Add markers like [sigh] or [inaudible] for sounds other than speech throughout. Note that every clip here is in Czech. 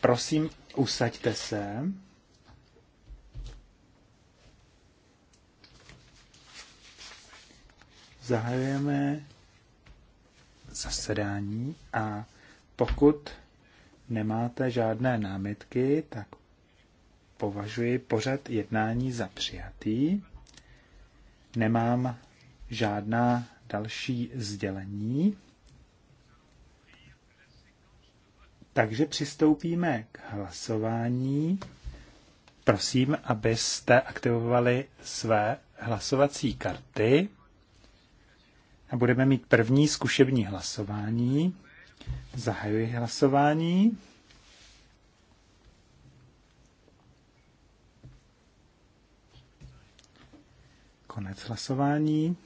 prosím, usaďte se. Zahajujeme zasedání a pokud nemáte žádné námitky, tak považuji pořad jednání za přijatý. Nemám žádná další sdělení. Takže přistoupíme k hlasování. Prosím, abyste aktivovali své hlasovací karty. A budeme mít první zkušební hlasování. Zahajuji hlasování. Konec hlasování.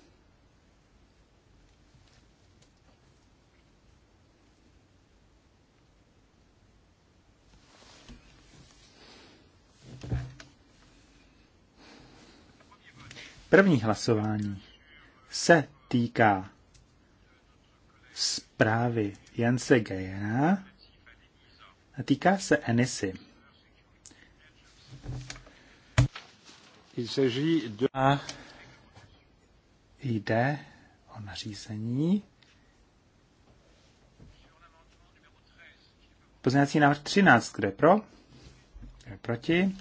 První hlasování se týká zprávy Jance Gejena a týká se Enisy. A jde o nařízení. Pozměňovací návrh 13, kde pro? Kdo je proti?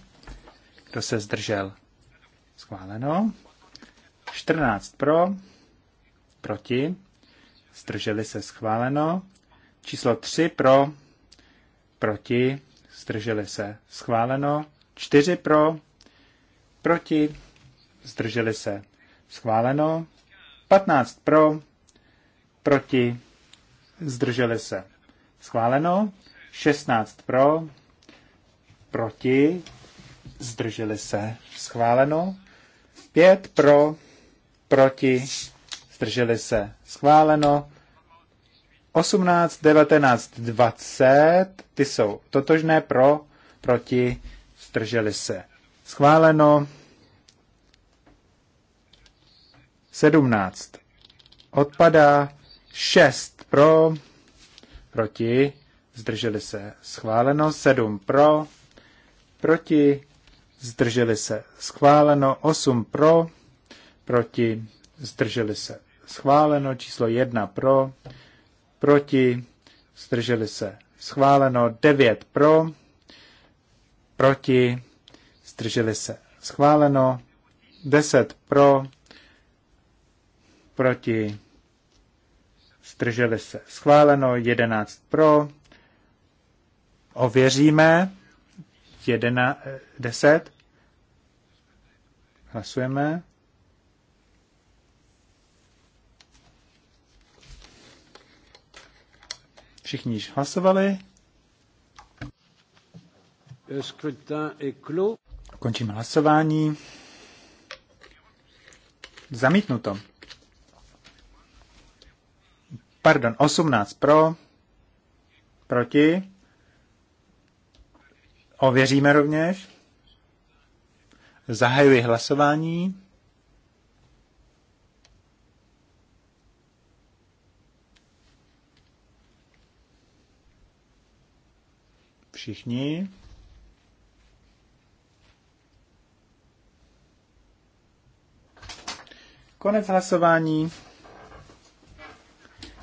Kdo se zdržel? Schváleno. 14 pro, proti, zdrželi se schváleno. Číslo 3 pro, proti, zdrželi se schváleno. 4 pro, proti, zdrželi se schváleno. 15 pro, proti, zdrželi se schváleno. 16 pro, proti, zdrželi se schváleno. 5 pro, proti, zdrželi se, schváleno. 18, 19, 20, ty jsou totožné pro, proti, zdrželi se, schváleno. 17. Odpadá 6 pro, proti, zdrželi se, schváleno. 7 pro, proti, zdrželi se, schváleno. 8 pro, proti, zdrželi se. Schváleno číslo 1 pro, proti, zdrželi se. Schváleno 9 pro, proti, zdrželi se. Schváleno 10 pro, proti, zdrželi se. Schváleno 11 pro, ověříme 11, 10, hlasujeme. Všichni již hlasovali. Končím hlasování. Zamítnuto. Pardon, 18 pro, proti. Ověříme rovněž. Zahajuji hlasování. všichni. Konec hlasování.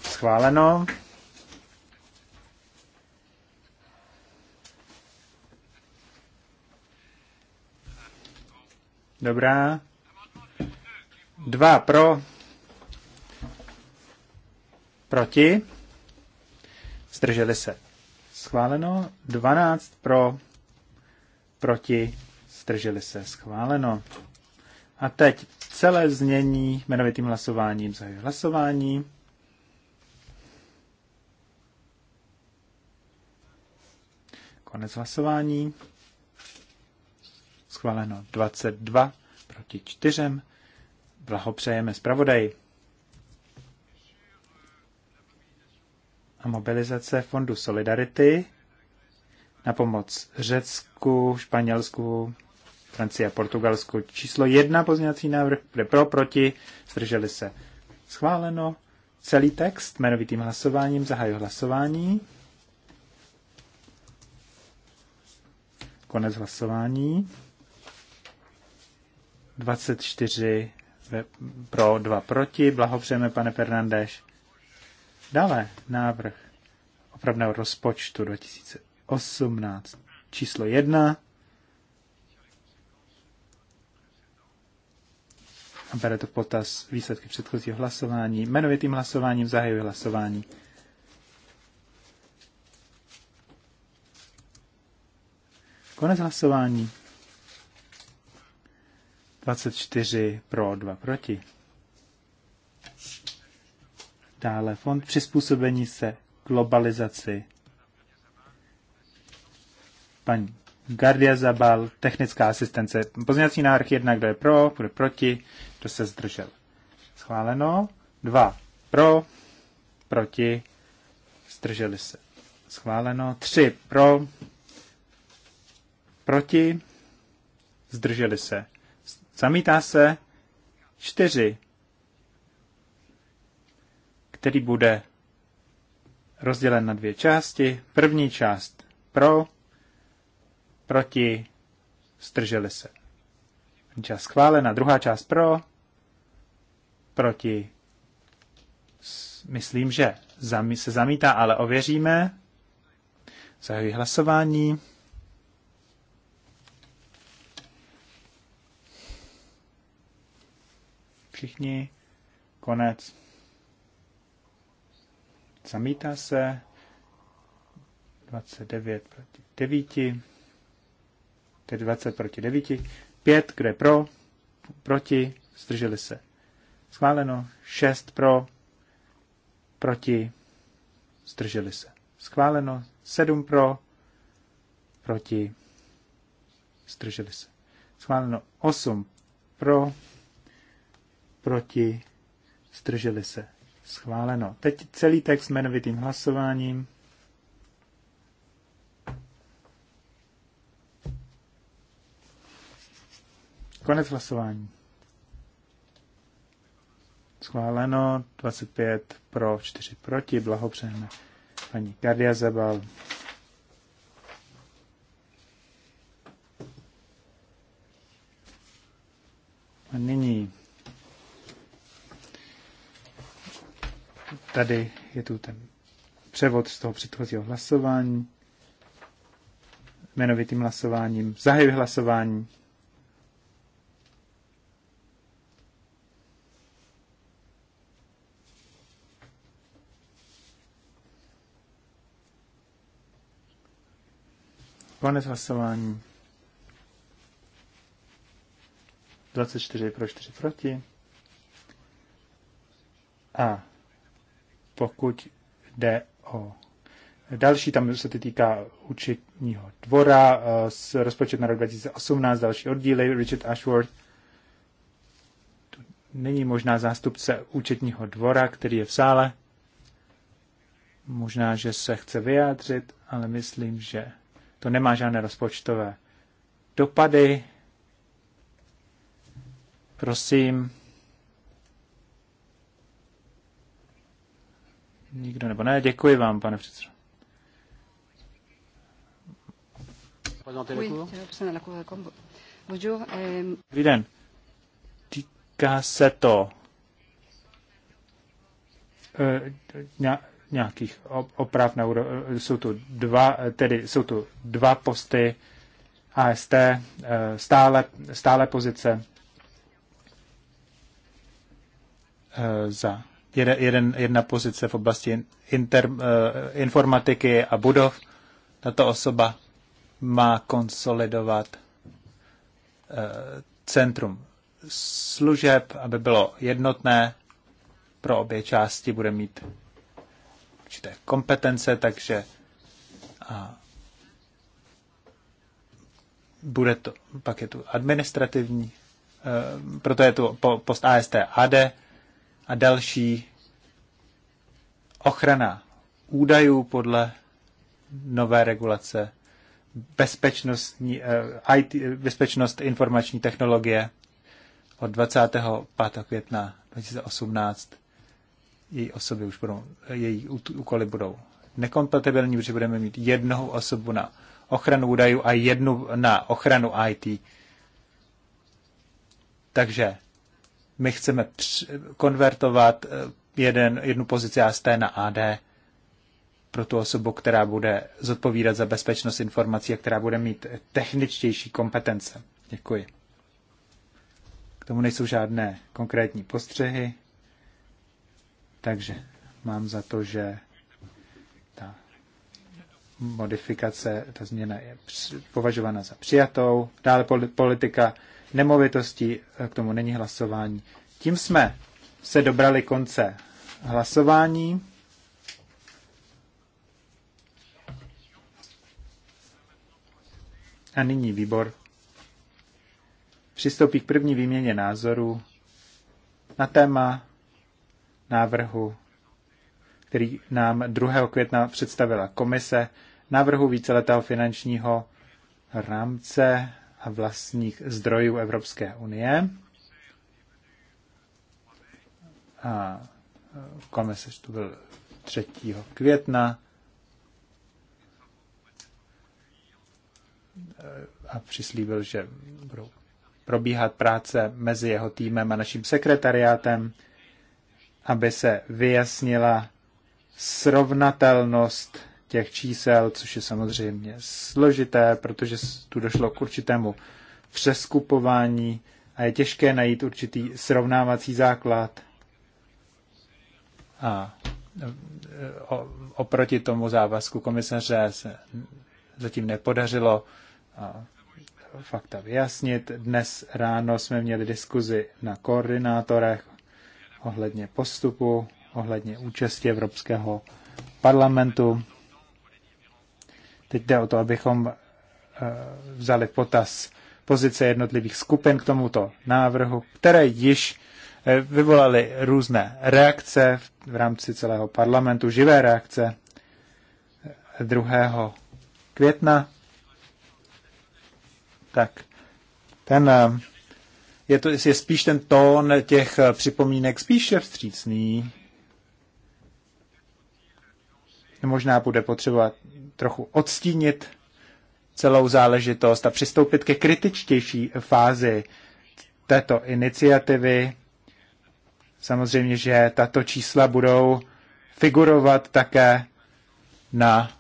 Schváleno. Dobrá. Dva pro. Proti. Zdrželi se schváleno, 12 pro, proti, strželi se, schváleno. A teď celé znění jmenovitým hlasováním za hlasování. Konec hlasování. Schváleno 22 proti 4. Blahopřejeme zpravodaji. a mobilizace Fondu Solidarity na pomoc Řecku, Španělsku, Francii a Portugalsku. Číslo jedna pozměňovací návrh, bude pro, proti, zdrželi se. Schváleno. Celý text jmenovitým hlasováním zahaju hlasování. Konec hlasování. 24 pro, 2 proti. Blahopřejeme, pane Fernandeš. Dále návrh opravného rozpočtu 2018 číslo 1. A bere to potaz výsledky předchozího hlasování. Jmenovitým hlasováním zahajuje hlasování. Konec hlasování. 24 pro, 2 proti. Dále fond přizpůsobení se globalizaci. Paní Gardia Zabal, technická asistence. Pozměňovací návrh jedna, kdo je pro, kdo je proti, kdo se zdržel. Schváleno. Dva pro, proti, zdrželi se. Schváleno. Tři pro, proti, zdrželi se. Zamítá se. Čtyři který bude rozdělen na dvě části. První část pro, proti, strželi se. První část schválena, druhá část pro, proti, myslím, že se zamítá, ale ověříme. Zahajuji hlasování. Všichni. Konec. Zamítá se 29 proti 9, tedy 20 proti 9, 5, je pro, proti, zdrželi se. Schváleno 6 pro, proti, zdrželi se. Schváleno 7 pro, proti, zdrželi se. Schváleno 8 pro, proti, zdrželi se. Schváleno. Teď celý text jmenovitým hlasováním. Konec hlasování. Schváleno 25 pro, 4 proti. Blahopřejeme paní Gardia Zabal. A nyní tady je tu ten převod z toho předchozího hlasování. Jmenovitým hlasováním. Zahajuji hlasování. Konec hlasování. 24 pro 4 proti. A pokud jde o další, tam se to týká účetního dvora, z eh, rozpočet na rok 2018, další oddíly, Richard Ashworth, to není možná zástupce účetního dvora, který je v sále. Možná, že se chce vyjádřit, ale myslím, že to nemá žádné rozpočtové dopady. Prosím, Nikdo nebo ne? Děkuji vám, pane předsedo. Euh, Dobrý den. Týká se to eh, nějakých oprav na úro... Eh, jsou tu dva, tedy jsou tu dva posty AST, eh, stále, stále pozice za jeden, jedna pozice v oblasti inter, eh, informatiky a budov. Tato osoba má konsolidovat eh, centrum služeb, aby bylo jednotné pro obě části, bude mít určité kompetence, takže a bude to, pak je tu administrativní, eh, proto je tu post AST AD, a další ochrana údajů podle nové regulace, bezpečnostní, eh, IT, bezpečnost informační technologie od 25. května 2018. Její osoby už budou, její úkoly budou nekompatibilní, protože budeme mít jednoho osobu na ochranu údajů a jednu na ochranu IT. Takže my chceme konvertovat eh, jeden, jednu pozici AST na AD pro tu osobu, která bude zodpovídat za bezpečnost informací a která bude mít techničtější kompetence. Děkuji. K tomu nejsou žádné konkrétní postřehy, takže mám za to, že ta modifikace, ta změna je považována za přijatou. Dále politika nemovitostí. Eh, k tomu není hlasování. Tím jsme se dobrali konce hlasování. A nyní výbor přistoupí k první výměně názorů na téma návrhu, který nám 2. května představila komise, návrhu víceletého finančního rámce a vlastních zdrojů Evropské unie. A komisař tu byl 3. května. a přislíbil, že budou probíhat práce mezi jeho týmem a naším sekretariátem, aby se vyjasnila srovnatelnost těch čísel, což je samozřejmě složité, protože tu došlo k určitému přeskupování a je těžké najít určitý srovnávací základ. A e, oproti tomu závazku komisaře se zatím nepodařilo fakta vyjasnit. Dnes ráno jsme měli diskuzi na koordinátorech ohledně postupu, ohledně účasti Evropského parlamentu. Teď jde o to, abychom eh, vzali v potaz pozice jednotlivých skupin k tomuto návrhu, které již eh, vyvolaly různé reakce v rámci celého parlamentu, živé reakce 2. Eh, května. Tak ten je, to, je spíš ten tón těch připomínek spíše vstřícný možná bude potřeba trochu odstínit celou záležitost a přistoupit ke kritičtější fázi této iniciativy. Samozřejmě, že tato čísla budou figurovat také na,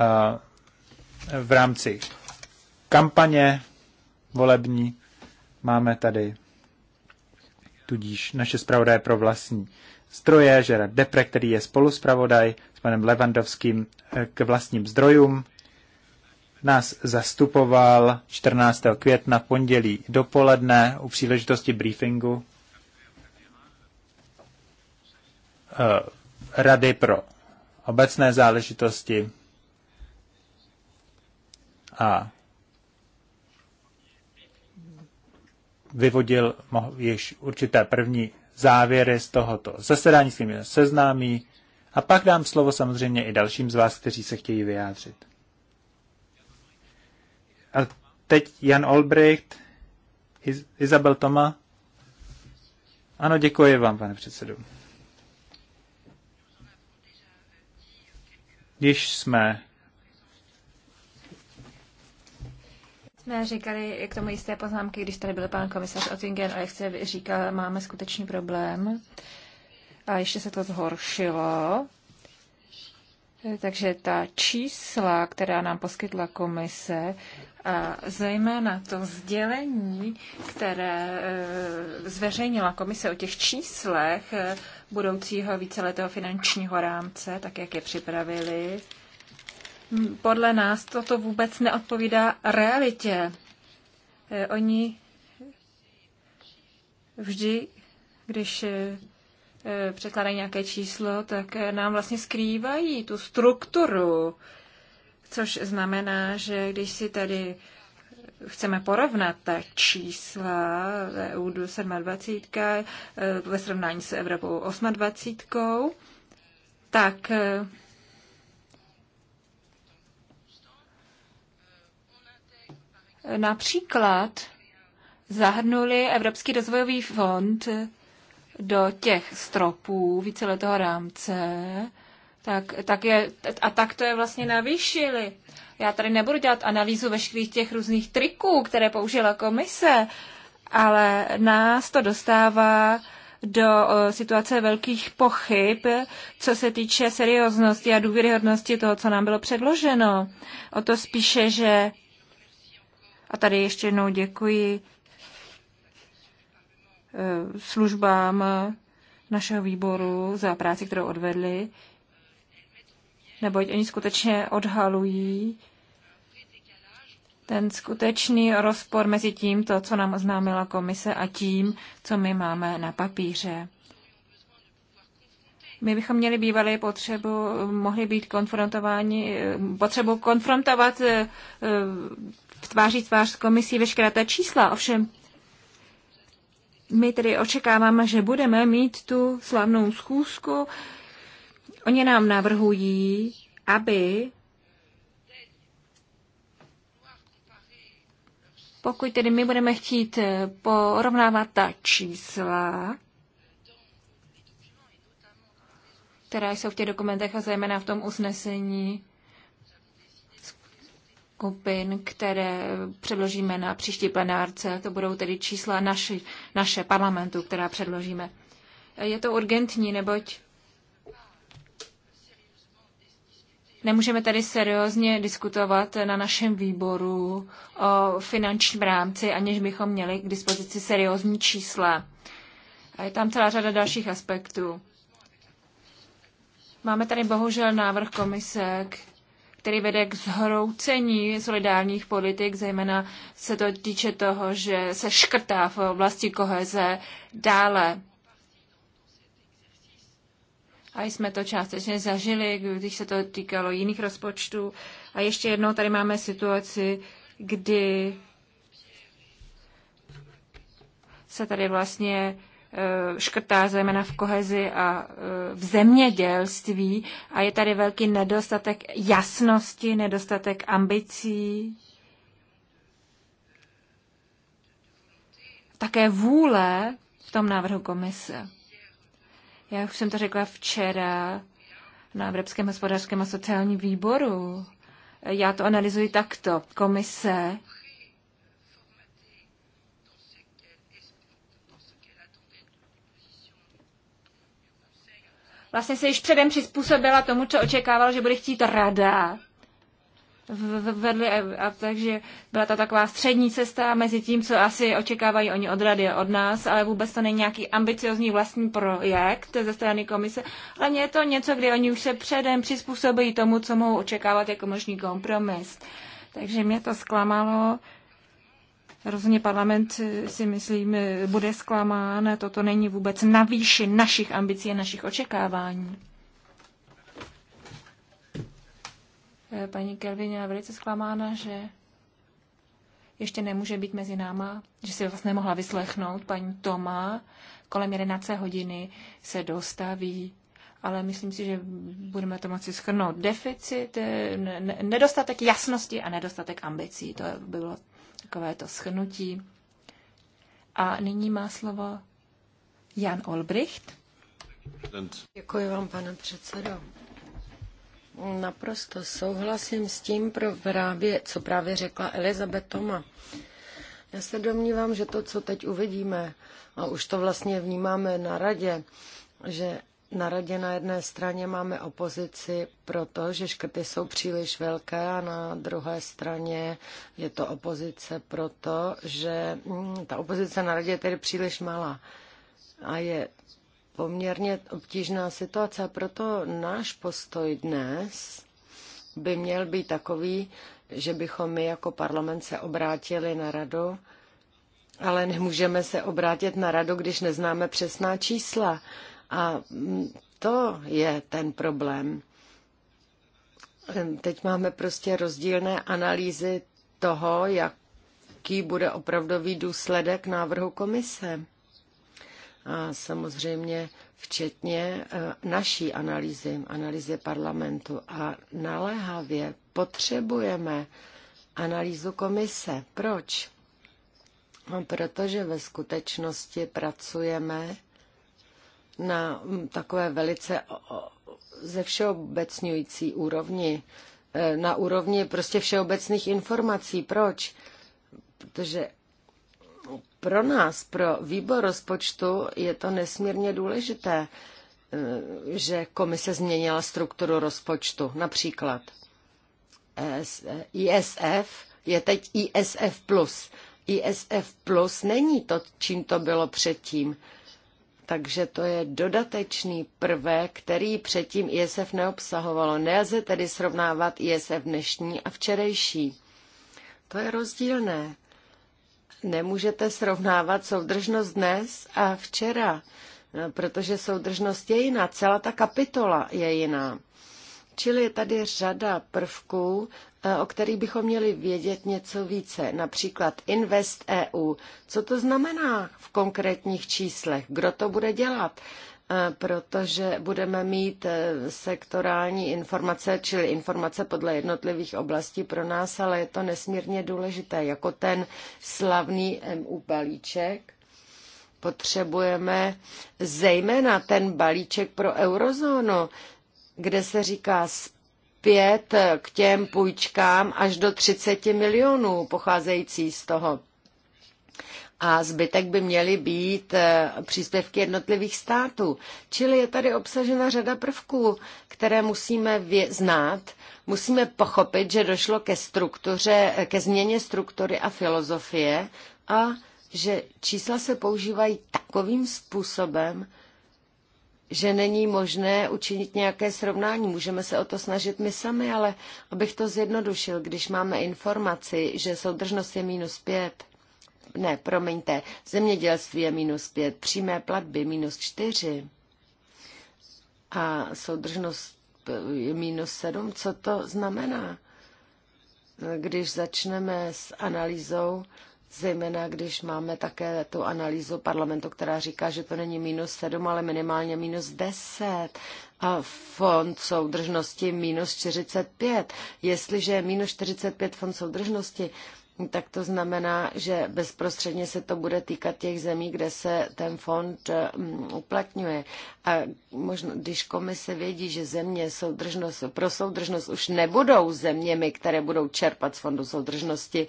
eh, v rámci kampaně volební. Máme tady tudíž naše zpravodaje pro vlastní stroje, že Depre, který je spoluspravodaj s panem Levandovským eh, k vlastním zdrojům, nás zastupoval 14. května v pondělí dopoledne u příležitosti briefingu eh, Rady pro obecné záležitosti a vyvodil již určité první závěry z tohoto zasedání, s kterými nás seznámí. A pak dám slovo samozřejmě i dalším z vás, kteří se chtějí vyjádřit. A teď Jan Olbricht, Izabel Toma. Ano, děkuji vám, pane předsedu. Když jsme jsme říkali k tomu jisté poznámky, když tady byl pan komisař Ottingen a jak se říkal, máme skutečný problém. A ještě se to zhoršilo. Takže ta čísla, která nám poskytla komise, a zejména to sdělení, které eh, zveřejnila komise o těch číslech eh, budoucího víceletého finančního rámce, tak jak je připravili, podle nás toto vůbec neodpovídá realitě. Eh, oni vždy, když eh, překládají nějaké číslo, tak eh, nám vlastně skrývají tu strukturu, což znamená, že když si tady chceme porovnat ta čísla EU 27 ve srovnání s Evropou 28, tak například zahrnuli Evropský rozvojový fond do těch stropů víceletého rámce, tak, tak je, a tak to je vlastně navýšili. Já tady nebudu dělat analýzu veškerých těch různých triků, které použila komise, ale nás to dostává do situace velkých pochyb, co se týče serióznosti a důvěryhodnosti toho, co nám bylo předloženo. O to spíše, že a tady ještě jednou děkuji eh, službám našeho výboru za práci, kterou odvedli, neboť oni skutečně odhalují ten skutečný rozpor mezi tím, to, co nám oznámila komise, a tím, co my máme na papíře. My bychom měli bývali potřebu, mohli být konfrontováni, eh, potřebu konfrontovat eh, tváří tvář s komisí veškerá ta čísla. Ovšem, my tedy očekáváme, že budeme mít tu slavnou schůzku. Oni nám navrhují, aby pokud tedy my budeme chtít eh, porovnávat ta čísla, která jsou v těch dokumentech a zejména v tom usnesení, skupin, které předložíme na příští plenárce. To budou tedy čísla naši, naše parlamentu, která předložíme. Je to urgentní, neboť nemůžeme tady seriózně diskutovat na našem výboru o finančním rámci, aniž bychom měli k dispozici seriózní čísla. A je tam celá řada dalších aspektů. Máme tady bohužel návrh komise, který vede k zhroucení solidárních politik, zejména se to týče toho, že se škrtá v oblasti koheze dále. A jsme to částečně zažili, když se to týkalo jiných rozpočtů. A ještě jednou tady máme situaci, kdy se tady vlastně Eh, škrtá zejména v kohezi a eh, v zemědělství a je tady velký nedostatek jasnosti, nedostatek ambicí, také vůle v tom návrhu komise. Já už jsem to řekla včera na Evropském hospodářském a sociálním výboru. Já to analyzuji takto. Komise vlastně se již předem přizpůsobila tomu, co očekával, že bude chtít rada. Vedli, a takže byla to taková střední cesta mezi tím, co asi očekávají oni od rady a od nás, ale vůbec to není nějaký ambiciozní vlastní projekt ze strany komise, ale je to něco, kdy oni už se předem přizpůsobí tomu, co mohou očekávat jako možný kompromis. Takže mě to zklamalo Rozhodně parlament si myslím bude zklamán, toto není vůbec na výši našich ambicí a našich očekávání. Paní Kelvin je velice zklamána, že ještě nemůže být mezi náma, že si vlastně mohla vyslechnout paní Toma. Kolem 11 hodiny se dostaví, ale myslím si, že budeme to moci schrnout. Deficit, nedostatek jasnosti a nedostatek ambicí. To by bylo to schnutí. A nyní má slovo Jan Olbricht. Děkuji vám, pane předsedo. Naprosto souhlasím s tím, pro právě, co právě řekla Elizabeth Toma. Já se domnívám, že to, co teď uvidíme, a už to vlastně vnímáme na radě, že na radě na jedné straně máme opozici, protože škrty jsou příliš velké a na druhé straně je to opozice proto, že mm, ta opozice na radě je tedy příliš malá a je poměrně obtížná situace. A proto náš postoj dnes by měl být takový, že bychom my jako parlament se obrátili na radu, ale nemůžeme se obrátit na radu, když neznáme přesná čísla a to je ten problém. Teď máme prostě rozdílné analýzy toho, jaký bude opravdový důsledek návrhu komise. A samozřejmě včetně eh, naší analýzy, analýzy parlamentu. A naléhavě potřebujeme analýzu komise. Proč? No, protože ve skutečnosti pracujeme na mm, takové velice ze všeobecňující úrovni, e, na úrovni prostě všeobecných informací. Proč? Protože pro nás, pro výbor rozpočtu, je to nesmírně důležité, e, že komise změnila strukturu rozpočtu. Například e ISF je teď ISF+. ISF plus není to, čím to bylo předtím. Takže to je dodatečný prvek, který předtím ISF neobsahovalo. Nelze tedy srovnávat ISF dnešní a včerejší. To je rozdílné. Nemůžete srovnávat soudržnost dnes a včera, no, protože soudržnost je jiná, celá ta kapitola je jiná. Čili je tady řada prvků, Eh, o kterých bychom měli vědět něco více, například Invest EU. Co to znamená v konkrétních číslech? Kdo to bude dělat? Eh, protože budeme mít eh, sektorální informace, čili informace podle jednotlivých oblastí pro nás, ale je to nesmírně důležité, jako ten slavný MU balíček. Potřebujeme zejména ten balíček pro eurozónu, kde se říká pět k těm půjčkám až do 30 milionů pocházející z toho. A zbytek by měly být eh, příspěvky jednotlivých států. Čili je tady obsažena řada prvků, které musíme znát, musíme pochopit, že došlo ke struktuře, eh, ke změně struktury a filozofie a že čísla se používají takovým způsobem, že není možné učinit nějaké srovnání. Můžeme se o to snažit my sami, ale abych to zjednodušil, když máme informaci, že soudržnost je minus pět, ne, promiňte, zemědělství je minus pět, přímé platby minus čtyři a soudržnost je minus sedm, co to znamená? Když začneme s analýzou, zejména když máme také tu analýzu parlamentu, která říká, že to není minus 7, ale minimálně minus 10 a fond soudržnosti minus 45. Jestliže je minus 45 fond soudržnosti, tak to znamená, že bezprostředně se to bude týkat těch zemí, kde se ten fond eh, uplatňuje. A možná, když komise vědí, že země soudržnost, pro soudržnost už nebudou zeměmi, které budou čerpat z fondu soudržnosti,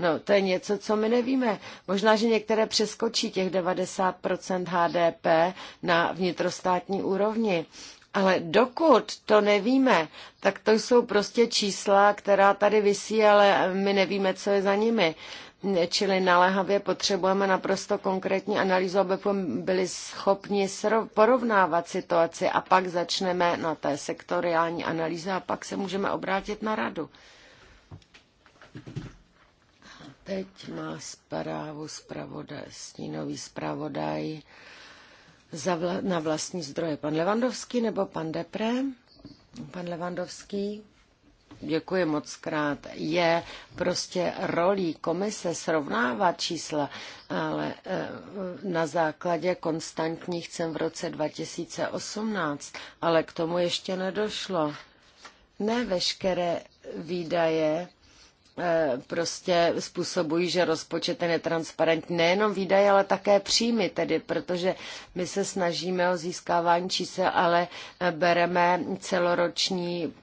No, to je něco, co my nevíme. Možná, že některé přeskočí těch 90 HDP na vnitrostátní úrovni. Ale dokud to nevíme, tak to jsou prostě čísla, která tady vysí, ale my nevíme, co je za nimi. Čili naléhavě potřebujeme naprosto konkrétní analýzu, abychom byli schopni porovnávat situaci a pak začneme na té sektoriální analýze a pak se můžeme obrátit na radu. Teď má zprávu zpravodaj, stínový zpravodaj za vla, na vlastní zdroje. Pan Levandovský nebo pan Depre? Pan Levandovský? Děkuji moc krát. Je prostě rolí komise srovnávat čísla, ale eh, na základě konstantních cen v roce 2018, ale k tomu ještě nedošlo. Ne veškeré výdaje Eh, prostě způsobují, že rozpočet je netransparentní. Nejenom výdaje, ale také příjmy tedy, protože my se snažíme o získávání čísel, ale eh, bereme celoroční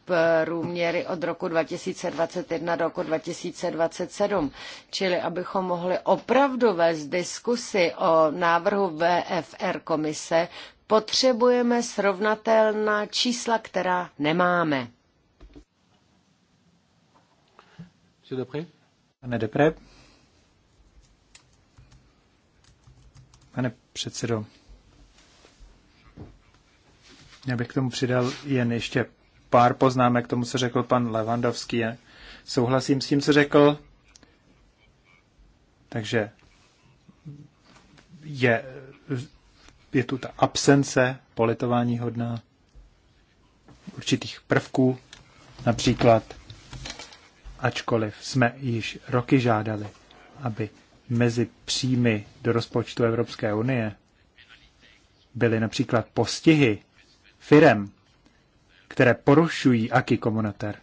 průměry od roku 2021 do roku 2027. Čili abychom mohli opravdu vést diskusy o návrhu VFR komise, potřebujeme srovnatelná čísla, která nemáme. Monsieur Depré? Pane Depré? Pane předsedo, já bych k tomu přidal jen ještě pár poznámek k tomu, co řekl pan Levandovský. Souhlasím s tím, co řekl. Takže je, je tu ta absence politování hodná určitých prvků, například ačkoliv jsme již roky žádali, aby mezi příjmy do rozpočtu Evropské unie byly například postihy firem, které porušují aky komunater.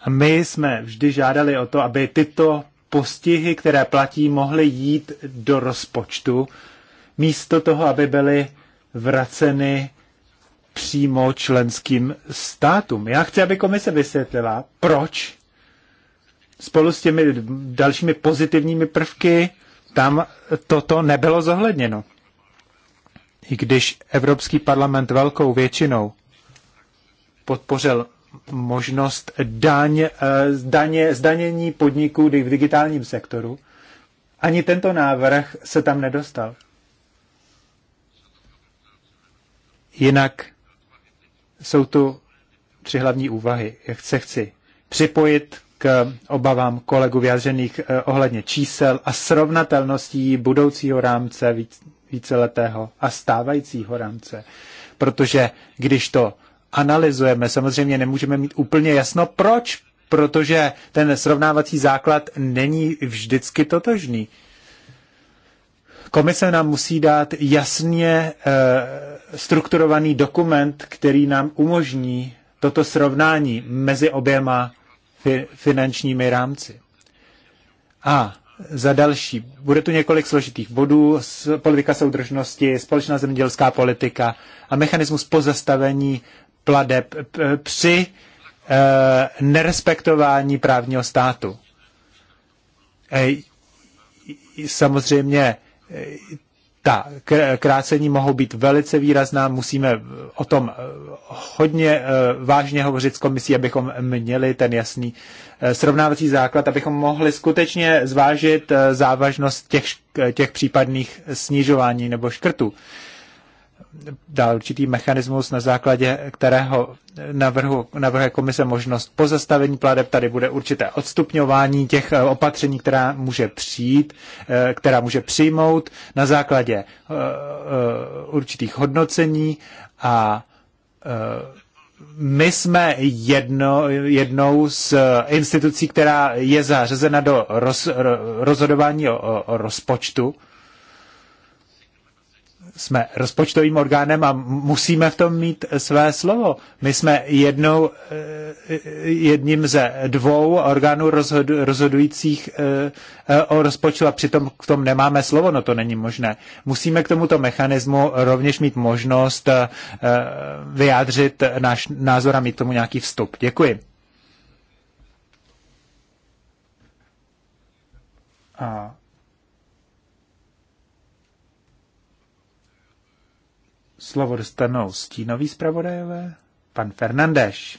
A my jsme vždy žádali o to, aby tyto postihy, které platí, mohly jít do rozpočtu, místo toho, aby byly vraceny přímo členským státům. Já chci, aby komise vysvětlila, proč spolu s těmi dalšími pozitivními prvky tam toto nebylo zohledněno. I když Evropský parlament velkou většinou podpořil možnost daň, eh, daně, zdanění podniků v digitálním sektoru, ani tento návrh se tam nedostal. Jinak jsou tu tři hlavní úvahy. Jak se chci připojit k obavám kolegů vyjádřených eh, ohledně čísel a srovnatelností budoucího rámce víceletého a stávajícího rámce. Protože když to analyzujeme, samozřejmě nemůžeme mít úplně jasno, proč, protože ten srovnávací základ není vždycky totožný. Komise nám musí dát jasně eh, strukturovaný dokument, který nám umožní toto srovnání mezi oběma finančními rámci. A za další, bude tu několik složitých bodů, politika soudržnosti, společná zemědělská politika a mechanismus pozastavení pladeb při e, nerespektování právního státu. E, samozřejmě ta krácení mohou být velice výrazná, musíme o tom eh, hodně eh, vážně hovořit s komisí, abychom měli ten jasný eh, srovnávací základ, abychom mohli skutečně zvážit závažnost těch, těch případných snižování nebo škrtů dal určitý mechanismus, na základě kterého navrhu, navrhuje komise možnost pozastavení pladeb. Tady bude určité odstupňování těch eh, opatření, která může přijít, eh, která může přijmout na základě eh, určitých hodnocení a my jsme jedno, jednou z institucí, která je zařazena do roz, rozhodování o, o rozpočtu jsme rozpočtovým orgánem a musíme v tom mít své slovo. My jsme jednou, eh, jedním ze dvou orgánů rozhodujících eh, eh, o rozpočtu a přitom k tomu nemáme slovo, no to není možné. Musíme k tomuto mechanismu rovněž mít možnost vyjádřit náš názor a mít k tomu nějaký vstup. Děkuji. A Slovo dostanou stínový zpravodajové, pan Fernandeš.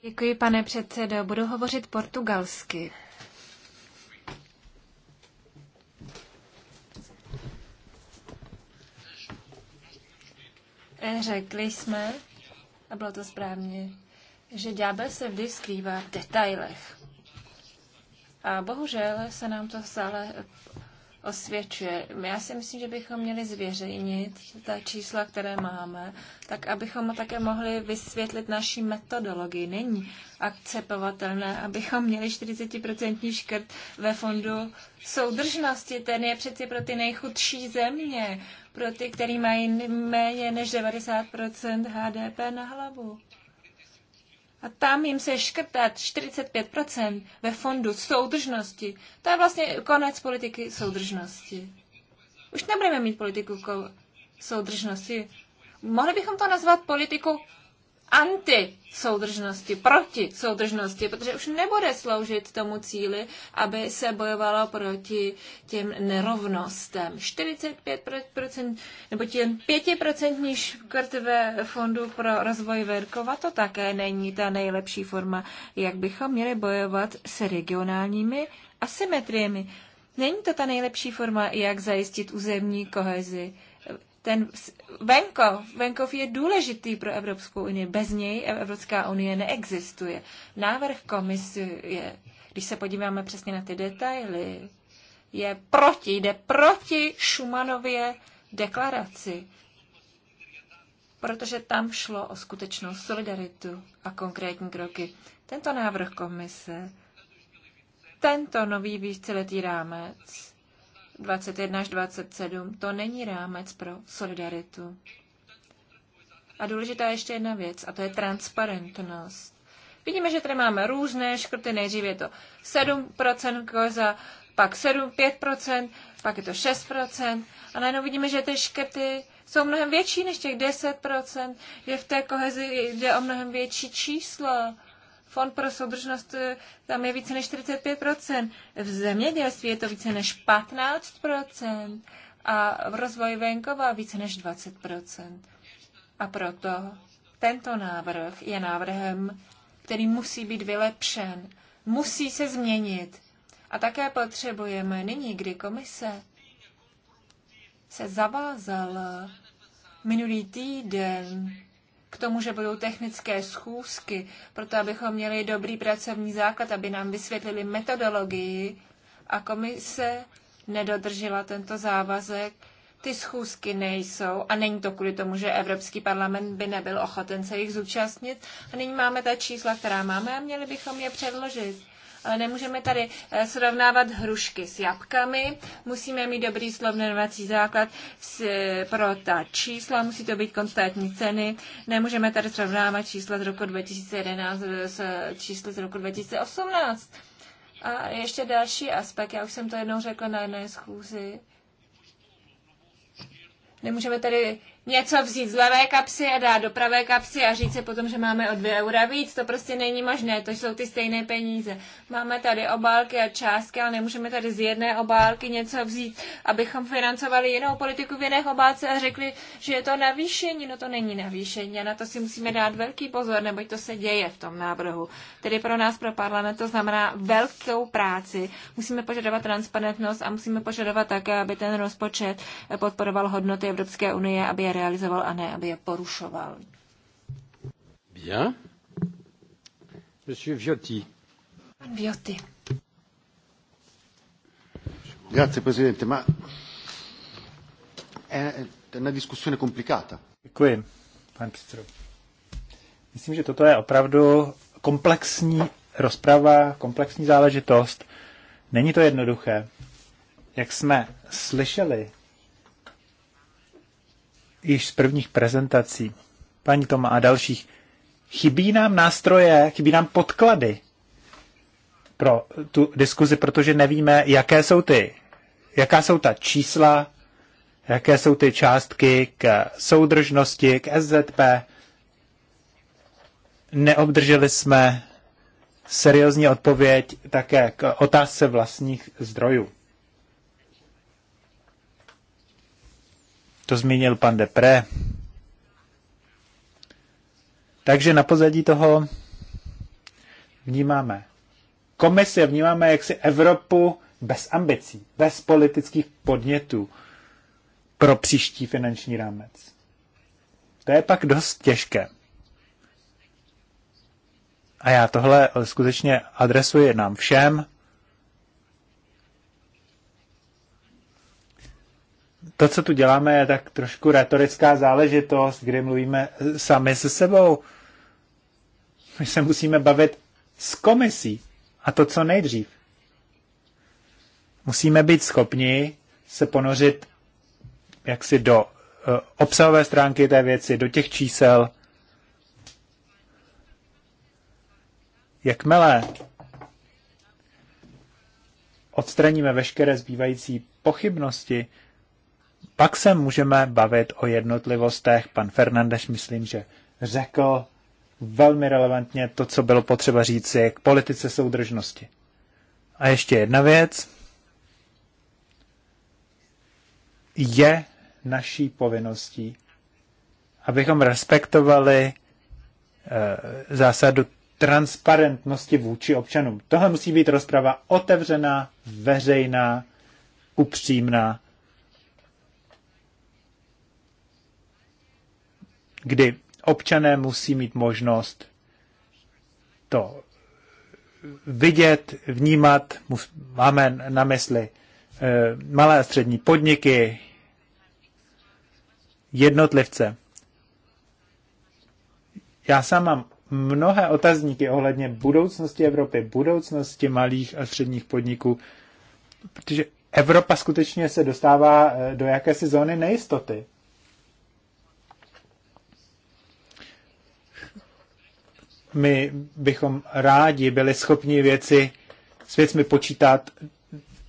Děkuji, pane předsedo. Budu hovořit portugalsky. Řekli jsme, a bylo to správně, že ďábel se vždy skrývá v detailech. A bohužel se nám to stále osvědčuje. Já si myslím, že bychom měli zvěřejnit ta čísla, které máme, tak abychom také mohli vysvětlit naší metodologii. Není akceptovatelné, abychom měli 40% škrt ve fondu soudržnosti. Ten je přeci pro ty nejchudší země, pro ty, který mají méně než 90% HDP na hlavu a tam jim se škrtat 45% ve fondu soudržnosti. To je vlastně konec politiky soudržnosti. Už nebudeme mít politiku soudržnosti. Mohli bychom to nazvat politikou anti soudržnosti, proti soudržnosti, protože už nebude sloužit tomu cíli, aby se bojovalo proti těm nerovnostem. 45% nebo těm 5% níž ve Fondu pro rozvoj Verkova, to také není ta nejlepší forma, jak bychom měli bojovat s regionálními asymetriemi. Není to ta nejlepší forma, jak zajistit územní kohezi ten venkov, venkov je důležitý pro Evropskou unii. Bez něj Evropská unie neexistuje. Návrh komisy je, když se podíváme přesně na ty detaily, je proti, jde proti Šumanově deklaraci, protože tam šlo o skutečnou solidaritu a konkrétní kroky. Tento návrh komise, tento nový víceletý rámec 21 až 27, to není rámec pro solidaritu. A důležitá je ještě jedna věc, a to je transparentnost. Vidíme, že tady máme různé škrty, nejdřív je to 7% koza, pak 7, 5%, pak je to 6%. A najednou vidíme, že ty škrty jsou mnohem větší než těch 10%, že v té kohezi jde o mnohem větší číslo fond pro soudržnost eh, tam je více než 45%, v zemědělství je to více než 15% a v rozvoji venkova více než 20%. A proto tento návrh je návrhem, který musí být vylepšen, musí se změnit. A také potřebujeme nyní, kdy komise se zavázala minulý týden k tomu, že budou technické schůzky, proto abychom měli dobrý pracovní základ, aby nám vysvětlili metodologii a komise nedodržela tento závazek, ty schůzky nejsou a není to kvůli tomu, že Evropský parlament by nebyl ochoten se jich zúčastnit. A nyní máme ta čísla, která máme a měli bychom je předložit. Eh, nemůžeme tady eh, srovnávat hrušky s jabkami. Musíme mít dobrý slovnovací základ eh, pro ta čísla. Musí to být konstantní ceny. Nemůžeme tady srovnávat čísla z roku 2011 s čísly z roku 2018. A ještě další aspekt, já už jsem to jednou řekla na jedné schůzi. Nemůžeme tady něco vzít z levé kapsy a dát do pravé kapsy a říct si potom, že máme o dvě eura víc. To prostě není možné, to jsou ty stejné peníze. Máme tady obálky a částky, ale nemůžeme tady z jedné obálky něco vzít, abychom financovali jinou politiku v jiné obálce a řekli, že je to navýšení. No to není navýšení a na to si musíme dát velký pozor, neboť to se děje v tom návrhu. Tedy pro nás, pro parlament, to znamená velkou práci. Musíme požadovat transparentnost a musíme požadovat také, aby ten rozpočet podporoval hodnoty Evropské unie, aby je realizoval a ne, aby je porušoval. Bien. Monsieur Viotti. Pan Viotti. Grazie Presidente, ma è una discussione complicata. Děkuji, pan předsedo. Myslím, že toto je opravdu komplexní rozprava, komplexní záležitost. Není to jednoduché. Jak jsme slyšeli již z prvních prezentací, paní Toma a dalších, chybí nám nástroje, chybí nám podklady pro tu diskuzi, protože nevíme, jaké jsou ty, jaká jsou ta čísla, jaké jsou ty částky k soudržnosti, k SZP. Neobdrželi jsme seriózní odpověď také k otázce vlastních zdrojů. to zmínil pan Depré. Takže na pozadí toho vnímáme Komise vnímáme jaksi Evropu bez ambicí, bez politických podnětů pro příští finanční rámec. To je pak dost těžké. A já tohle skutečně adresuji nám všem, to, co tu děláme, je tak trošku retorická záležitost, kdy mluvíme sami se sebou. My se musíme bavit s komisí a to co nejdřív. Musíme být schopni se ponořit jaksi do eh, obsahové stránky té věci, do těch čísel. Jakmile odstraníme veškeré zbývající pochybnosti, pak se můžeme bavit o jednotlivostech. Pan Fernandeš, myslím, že řekl velmi relevantně to, co bylo potřeba říci k politice soudržnosti. A ještě jedna věc. Je naší povinností, abychom respektovali e, zásadu transparentnosti vůči občanům. Tohle musí být rozprava otevřená, veřejná, upřímná kdy občané musí mít možnost to vidět, vnímat. Máme na mysli eh, malé a střední podniky, jednotlivce. Já sám mám mnohé otazníky ohledně budoucnosti Evropy, budoucnosti malých a středních podniků, protože Evropa skutečně se dostává eh, do jakési zóny nejistoty. my bychom rádi byli schopni věci s věcmi počítat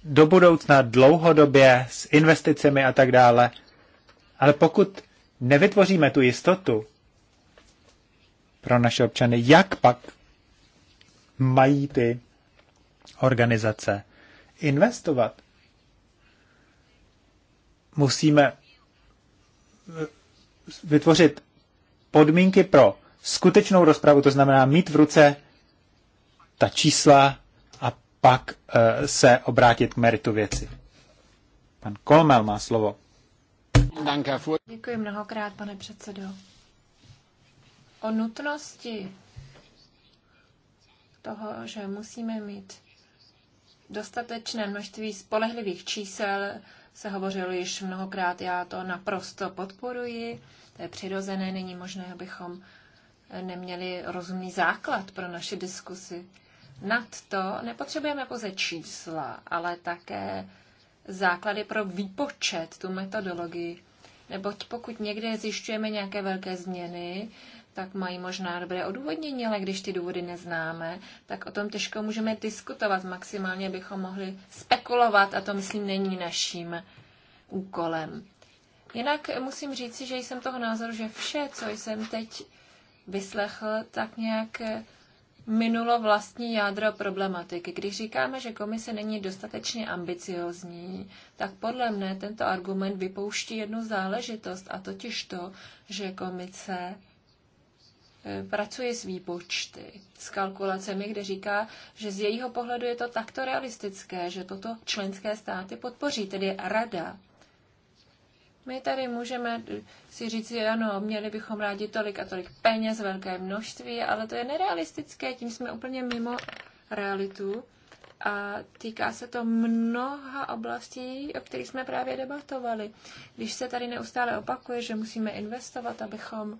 do budoucna dlouhodobě s investicemi a tak dále. Ale pokud nevytvoříme tu jistotu pro naše občany, jak pak mají ty organizace investovat? Musíme vytvořit podmínky pro skutečnou rozpravu, to znamená mít v ruce ta čísla a pak eh, se obrátit k meritu věci. Pan Kolmel má slovo. Děkuji mnohokrát, pane předsedo. O nutnosti toho, že musíme mít dostatečné množství spolehlivých čísel, se hovořilo již mnohokrát, já to naprosto podporuji, to je přirozené, není možné, abychom neměli rozumný základ pro naši diskusi. Nad to nepotřebujeme pouze čísla, ale také základy pro výpočet, tu metodologii. Neboť pokud někde zjišťujeme nějaké velké změny, tak mají možná dobré odůvodnění, ale když ty důvody neznáme, tak o tom těžko můžeme diskutovat. Maximálně bychom mohli spekulovat a to, myslím, není naším úkolem. Jinak musím říci, že jsem toho názoru, že vše, co jsem teď vyslechl, tak nějak minulo vlastní jádro problematiky. Když říkáme, že komise není dostatečně ambiciozní, tak podle mne tento argument vypouští jednu záležitost, a totiž to, že komise eh, pracuje s výpočty, s kalkulacemi, kde říká, že z jejího pohledu je to takto realistické, že toto členské státy podpoří, tedy rada my tady můžeme si říct, ano, měli bychom rádi tolik a tolik peněz, velké množství, ale to je nerealistické, tím jsme úplně mimo realitu. A týká se to mnoha oblastí, o kterých jsme právě debatovali. Když se tady neustále opakuje, že musíme investovat, abychom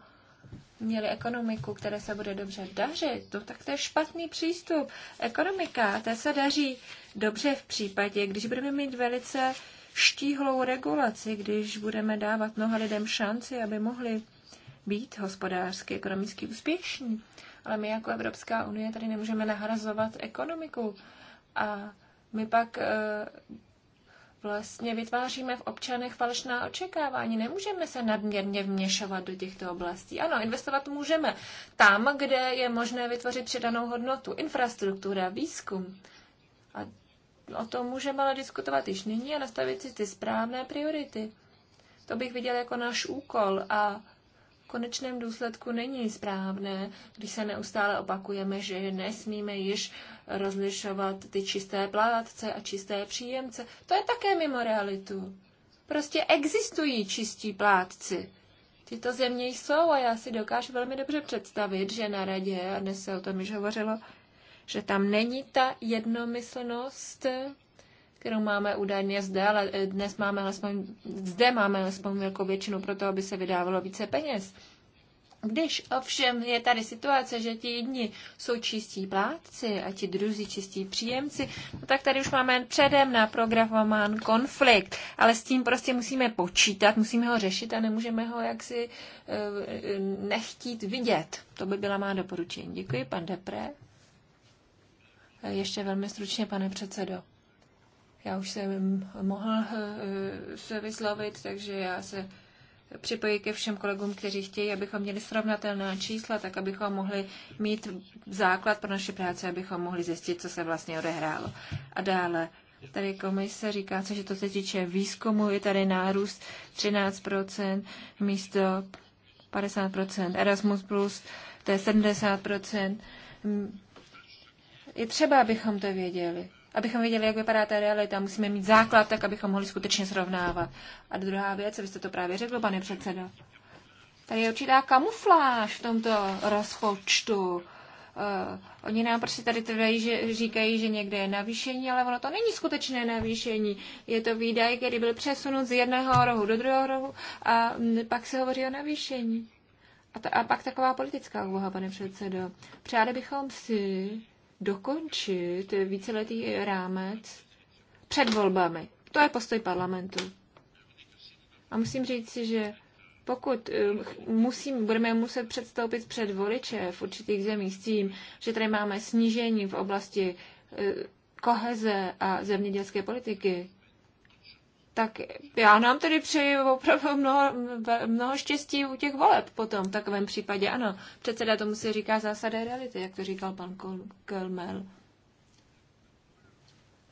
měli ekonomiku, které se bude dobře dařit, to, no tak to je špatný přístup. Ekonomika, to se daří dobře v případě, když budeme mít velice uh, štíhlou regulaci, když budeme dávat mnoha lidem šanci, aby mohli být hospodářsky, ekonomicky úspěšní. Ale my jako Evropská unie tady nemůžeme nahrazovat ekonomiku. A my pak e, vlastně vytváříme v občanech falešná očekávání. Nemůžeme se nadměrně vměšovat do těchto oblastí. Ano, investovat můžeme tam, kde je možné vytvořit přidanou hodnotu, infrastruktura, výzkum. A o tom můžeme ale diskutovat již nyní a nastavit si ty správné priority. To bych viděl jako náš úkol a v konečném důsledku není správné, když se neustále opakujeme, že nesmíme již rozlišovat ty čisté plátce a čisté příjemce. To je také mimo realitu. Prostě existují čistí plátci. Tyto země jsou a já si dokážu velmi dobře představit, že na radě, a dnes se o tom již hovořilo, že tam není ta jednomyslnost, kterou máme údajně zde, ale dnes máme alespoň, zde máme alespoň velkou většinu pro to, aby se vydávalo více peněz. Když ovšem je tady situace, že ti jedni jsou čistí plátci a ti druzí čistí příjemci, no tak tady už máme předem na programován konflikt, ale s tím prostě musíme počítat, musíme ho řešit a nemůžeme ho jaksi eh, nechtít vidět. To by byla má doporučení. Děkuji, pan Depre. Ještě velmi stručně, pane předsedo. Já už jsem mohl eh, se vyslovit, takže já se připojí ke všem kolegům, kteří chtějí, abychom měli srovnatelná čísla, tak abychom mohli mít základ pro naše práci, abychom mohli zjistit, co se vlastně odehrálo. A dále, tady komise říká, co, že to se týče výzkumu, je tady nárůst 13% místo 50%, Erasmus+, to je 70%, je třeba, abychom to věděli. Abychom věděli, jak vypadá ta realita. Musíme mít základ, tak abychom mohli skutečně srovnávat. A druhá věc, abyste to právě řekl, pane předsedo. Tady je určitá kamufláž v tomto rozpočtu. Uh, oni nám prostě tady tvrdí, že říkají, že někde je navýšení, ale ono to není skutečné navýšení. Je to výdaj, který byl přesunut z jednoho rohu do druhého rohu a m, mm, pak se hovoří o navýšení. A, ta, a pak taková politická úvaha, pane předsedo. Přáli bychom si, dokončit víceletý rámec před volbami. To je postoj parlamentu. A musím říct si, že pokud eh, musím, budeme muset předstoupit před voliče v určitých zemích s tím, že tady máme snížení v oblasti eh, koheze a zemědělské politiky, tak já nám tedy přeji opravdu mnoho, mnoho štěstí u těch voleb potom v takovém případě. Ano, předseda tomu si říká zásada reality, jak to říkal pan Kelmel.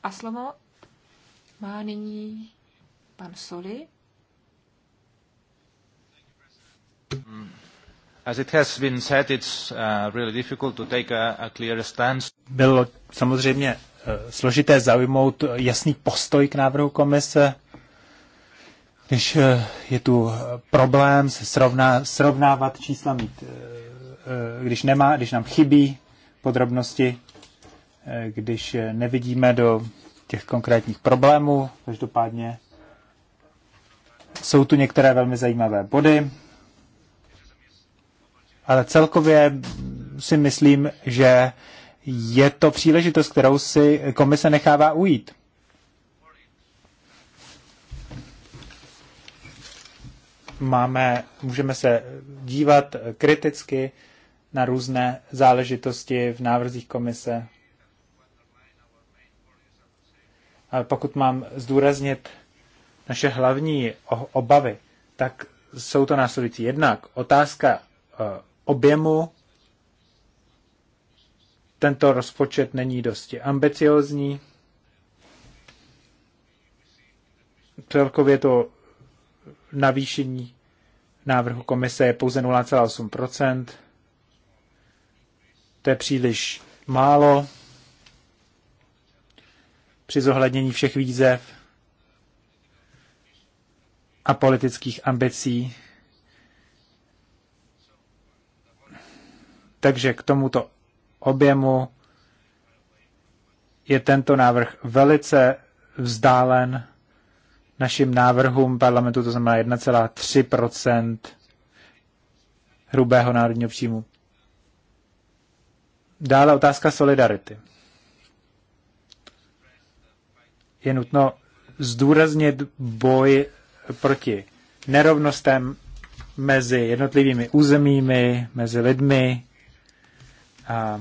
A slovo má nyní pan Soli. As it has been said, it's uh, really difficult to take a, clear stance. Bylo samozřejmě uh, složité zaujmout jasný postoj k návrhu komise. Když eh, je tu eh, problém se srovná, srovnávat čísla, mít, eh, když, nemá, když nám chybí podrobnosti, když nevidíme do těch konkrétních problémů, každopádně jsou tu některé velmi zajímavé body, ale celkově si myslím, že je to příležitost, kterou si komise nechává ujít. máme, můžeme se dívat kriticky na různé záležitosti v návrzích komise. Ale pokud mám zdůraznit naše hlavní obavy, tak jsou to následující. Jednak otázka e, objemu. Tento rozpočet není dosti ambiciozní. Celkově to navýšení návrhu komise je pouze 0,8%. To je příliš málo při zohlednění všech výzev a politických ambicí. Takže k tomuto objemu je tento návrh velice vzdálen našim návrhům parlamentu, to znamená 1,3 hrubého národního příjmu. Dále otázka solidarity. Je nutno zdůraznit boj proti nerovnostem mezi jednotlivými územími, mezi lidmi. A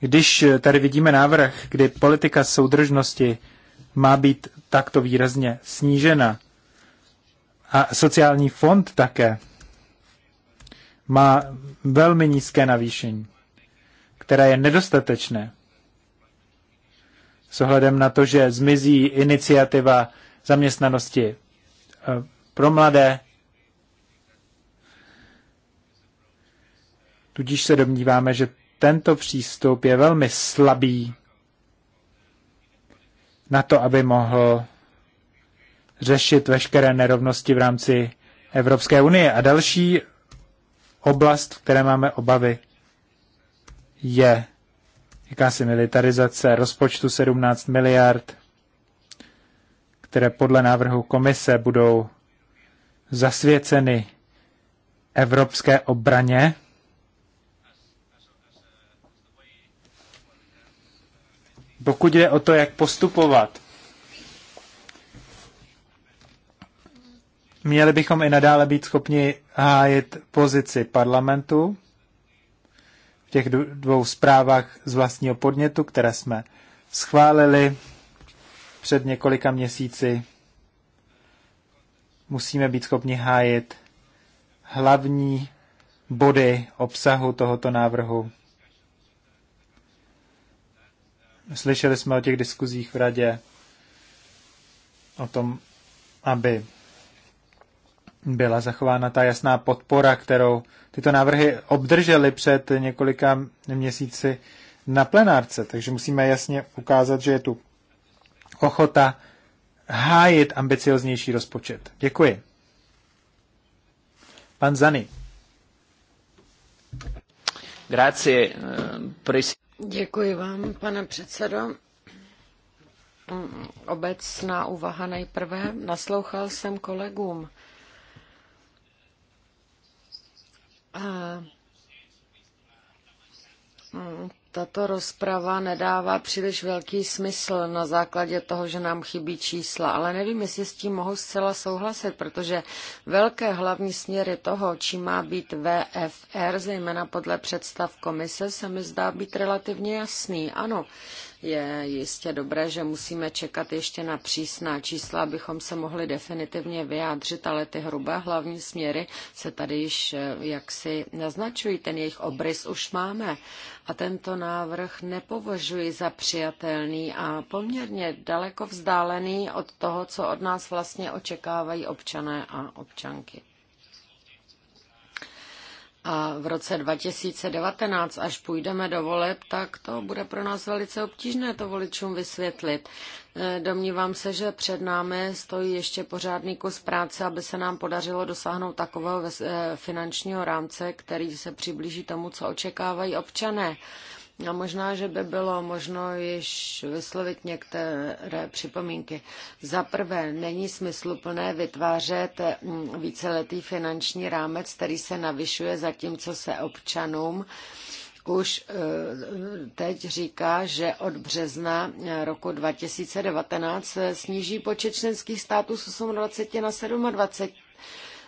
když tady vidíme návrh, kdy politika soudržnosti má být takto výrazně snížena. A sociální fond také má velmi nízké navýšení, které je nedostatečné. S ohledem na to, že zmizí iniciativa zaměstnanosti eh, pro mladé, tudíž se domníváme, že tento přístup je velmi slabý na to, aby mohl řešit veškeré nerovnosti v rámci Evropské unie. A další oblast, v které máme obavy, je jakási militarizace rozpočtu 17 miliard, které podle návrhu komise budou zasvěceny evropské obraně Pokud jde o to, jak postupovat, měli bychom i nadále být schopni hájit pozici parlamentu v těch dvou zprávách z vlastního podnětu, které jsme schválili před několika měsíci. Musíme být schopni hájit hlavní body obsahu tohoto návrhu Slyšeli jsme o těch diskuzích v radě, o tom, aby byla zachována ta jasná podpora, kterou tyto návrhy obdržely před několika měsíci na plenárce. Takže musíme jasně ukázat, že je tu ochota hájit ambicioznější rozpočet. Děkuji. Pan Zany. Grazie, eh, presi... Děkuji vám, pane předsedo. Obecná uvaha nejprve. Naslouchal jsem kolegům. A tato rozprava nedává příliš velký smysl na základě toho, že nám chybí čísla, ale nevím, jestli s tím mohu zcela souhlasit, protože velké hlavní směry toho, čím má být VFR, zejména podle představ komise, se mi zdá být relativně jasný. Ano, je jistě dobré, že musíme čekat ještě na přísná čísla, abychom se mohli definitivně vyjádřit, ale ty hrubé hlavní směry se tady již eh, jaksi naznačují. Ten jejich obrys už máme. A tento návrh nepovažuji za přijatelný a poměrně daleko vzdálený od toho, co od nás vlastně očekávají občané a občanky. A v roce 2019, až půjdeme do voleb, tak to bude pro nás velice obtížné to voličům vysvětlit. E, domnívám se, že před námi stojí ještě pořádný kus práce, aby se nám podařilo dosáhnout takového e, finančního rámce, který se přiblíží tomu, co očekávají občané. A možná, že by bylo možno již vyslovit některé připomínky. Za prvé, není smysluplné vytvářet mm, víceletý finanční rámec, který se navyšuje zatímco se občanům už eh, teď říká, že od března eh, roku 2019 sníží počet členských států z 28 na 27.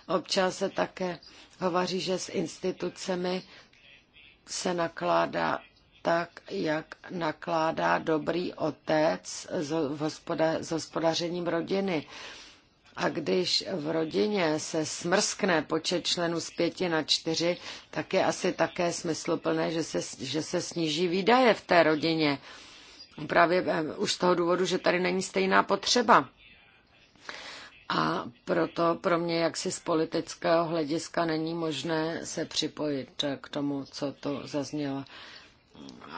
Občas se také hovoří, že s institucemi se nakládá tak, jak nakládá dobrý otec s hospodařením rodiny. A když v rodině se smrskne počet členů z pěti na čtyři, tak je asi také smysluplné, že se, že se sníží výdaje v té rodině. Právě eh, už z toho důvodu, že tady není stejná potřeba. A proto pro mě jaksi z politického hlediska není možné se připojit k tomu, co to zaznělo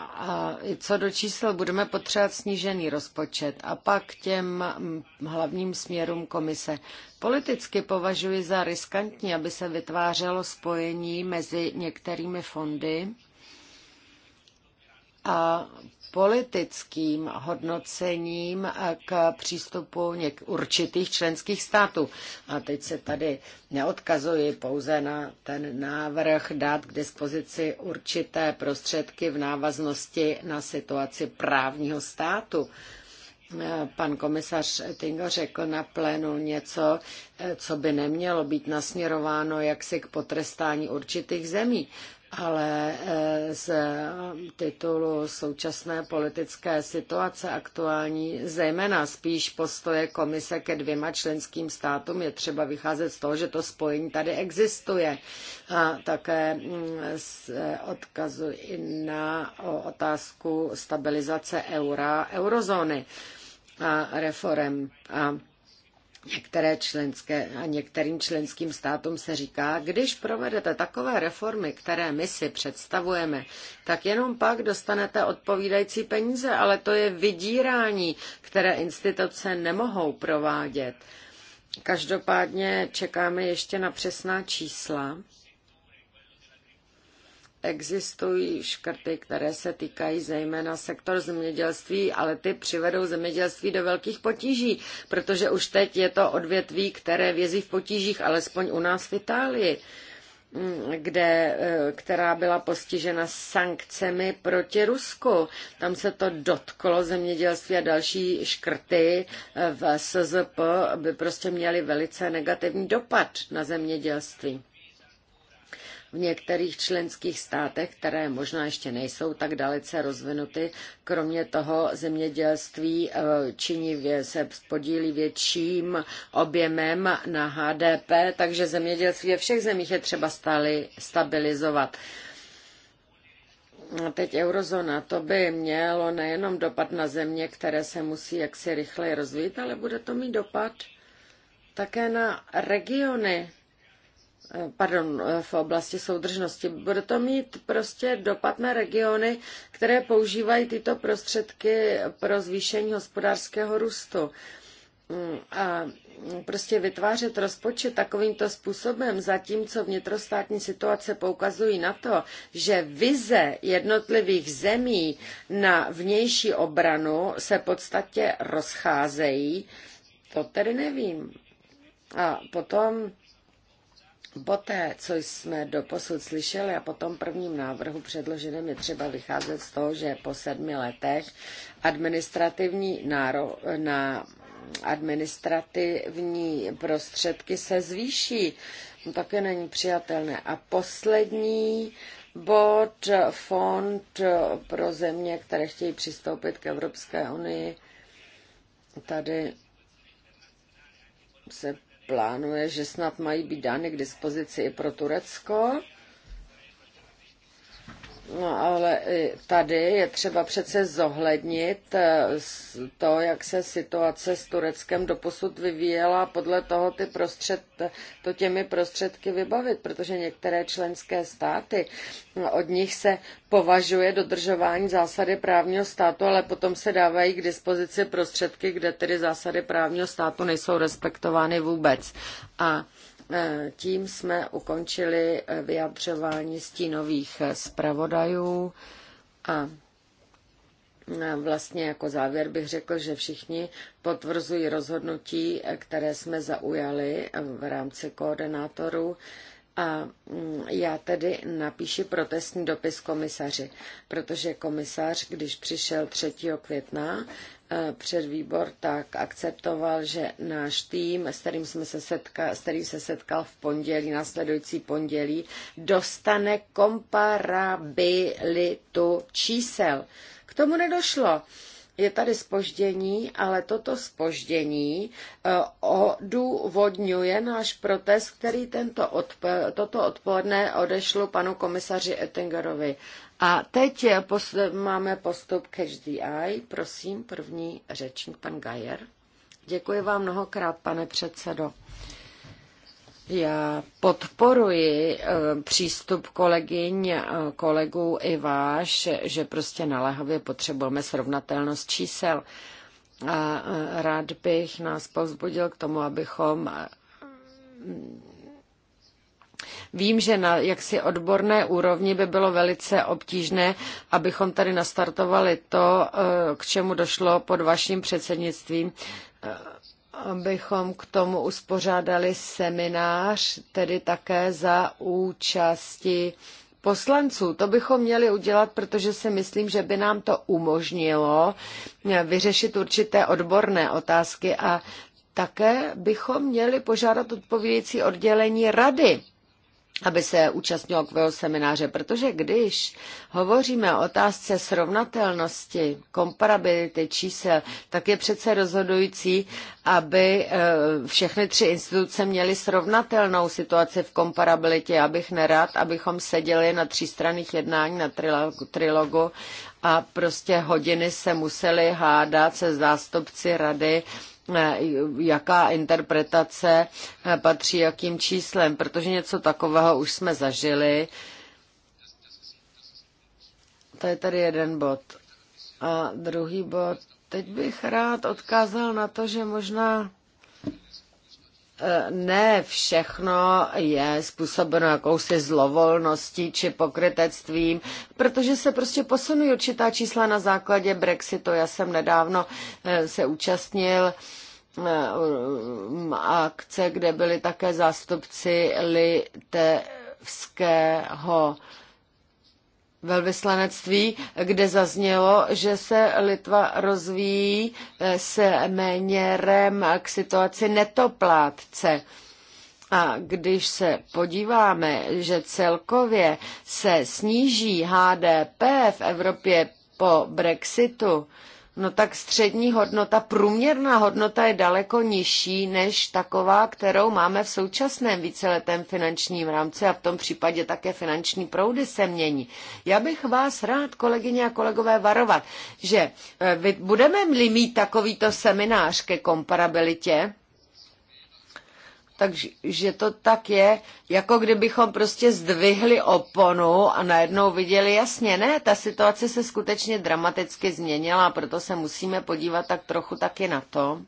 a co do čísel budeme potřebovat snížený rozpočet a pak těm hlavním směrům komise. Politicky považuji za riskantní, aby se vytvářelo spojení mezi některými fondy a politickým hodnocením k přístupu něk- určitých členských států. A teď se tady neodkazuji pouze na ten návrh dát k dispozici určité prostředky v návaznosti na situaci právního státu. Pan komisař Tingo řekl na plénu něco, co by nemělo být nasměrováno jaksi k potrestání určitých zemí ale eh, z titulu současné politické situace aktuální, zejména spíš postoje komise ke dvěma členským státům, je třeba vycházet z toho, že to spojení tady existuje. A také mm, se eh, odkazuji na otázku stabilizace eura, eurozóny a reform. A Některé členské, a některým členským státům se říká, když provedete takové reformy, které my si představujeme, tak jenom pak dostanete odpovídající peníze, ale to je vydírání, které instituce nemohou provádět. Každopádně čekáme ještě na přesná čísla existují škrty, které se týkají zejména sektor zemědělství, ale ty přivedou zemědělství do velkých potíží, protože už teď je to odvětví, které vězí v potížích, alespoň u nás v Itálii mm, kde, eh, která byla postižena sankcemi proti Rusku. Tam se to dotklo zemědělství a další škrty eh, v SZP by prostě měly velice negativní dopad na zemědělství v některých členských státech, které možná ještě nejsou tak dalece rozvinuty. Kromě toho zemědělství eh, činí se podílí větším objemem na HDP, takže zemědělství ve všech zemích je třeba stále stabilizovat teď eurozona to by mělo nejenom dopad na země, které se musí jaksi rychleji rozvíjet, ale bude to mít dopad také na regiony, Eh, pardon, eh, v oblasti soudržnosti. Bude to mít prostě dopad na regiony, které používají tyto prostředky pro zvýšení hospodářského růstu. Mm, a prostě vytvářet rozpočet takovýmto způsobem, zatímco vnitrostátní situace poukazují na to, že vize jednotlivých zemí na vnější obranu se podstatě rozcházejí, to tedy nevím. A potom Poté, co jsme do posud slyšeli a po tom prvním návrhu předloženém je třeba vycházet z toho, že po sedmi letech administrativní náro, na administrativní prostředky se zvýší. No, také není přijatelné. A poslední bod, fond pro země, které chtějí přistoupit k Evropské unii, tady se plánuje, že snad mají být dány k dispozici i pro Turecko. No, ale tady je třeba přece zohlednit eh, to, jak se situace s Tureckem doposud vyvíjela podle toho ty prostřed, to těmi prostředky vybavit, protože některé členské státy, no, od nich se považuje dodržování zásady právního státu, ale potom se dávají k dispozici prostředky, kde tedy zásady právního státu nejsou respektovány vůbec. A E, tím jsme ukončili e, vyjadřování stínových e, zpravodajů a vlastně jako závěr bych řekl, že všichni potvrzují rozhodnutí, které jsme zaujali v rámci koordinátorů a mm, já tedy napíši protestní dopis komisaři, protože komisař, když přišel 3. května před výbor, tak akceptoval, že náš tým, s kterým, jsme se setka, s kterým se setkal v pondělí, následující pondělí, dostane komparabilitu čísel. K tomu nedošlo je tady spoždění, ale toto spoždění eh, odůvodňuje náš protest, který tento odp- toto odpoledne odešlo panu komisaři Ettingerovi. A teď pos- máme postup Catch the Eye. Prosím, první řečník, pan Gajer. Děkuji vám mnohokrát, pane předsedo. Já podporuji eh, přístup kolegyň, kolegů i váš, že prostě naléhavě potřebujeme srovnatelnost čísel. A eh, rád bych nás povzbudil k tomu, abychom eh, Vím, že na jaksi odborné úrovni by bylo velice obtížné, abychom tady nastartovali to, k čemu došlo pod vaším předsednictvím abychom k tomu uspořádali seminář, tedy také za účasti poslanců. To bychom měli udělat, protože si myslím, že by nám to umožnilo vyřešit určité odborné otázky a také bychom měli požádat odpovědící oddělení rady aby se účastnilo takového semináře, protože když hovoříme o otázce srovnatelnosti, komparability čísel, tak je přece rozhodující, aby eh, všechny tři instituce měly srovnatelnou situaci v komparabilitě. Abych bych nerad, abychom seděli na třístranných jednání, na trilogu, trilogu a prostě hodiny se museli hádat se zástupci rady Eh, jaká interpretace eh, patří jakým číslem, protože něco takového už jsme zažili. To je tady jeden bod. A druhý bod, teď bych rád odkázal na to, že možná ne všechno je způsobeno jakousi zlovolností či pokrytectvím, protože se prostě posunují určitá čísla na základě Brexitu. Já jsem nedávno eh, se účastnil eh, akce, kde byli také zástupci litevského velvyslanectví, kde zaznělo, že se Litva rozvíjí eh, s méněrem k situaci netoplátce. A když se podíváme, že celkově se sníží HDP v Evropě po Brexitu, no tak střední hodnota, průměrná hodnota je daleko nižší než taková, kterou máme v současném víceletém finančním rámci a v tom případě také finanční proudy se mění. Já bych vás rád, kolegyně a kolegové, varovat, že eh, budeme mít takovýto seminář ke komparabilitě, takže to tak je, jako kdybychom prostě zdvihli oponu a najednou viděli jasně, ne, ta situace se skutečně dramaticky změnila, proto se musíme podívat tak trochu taky na to,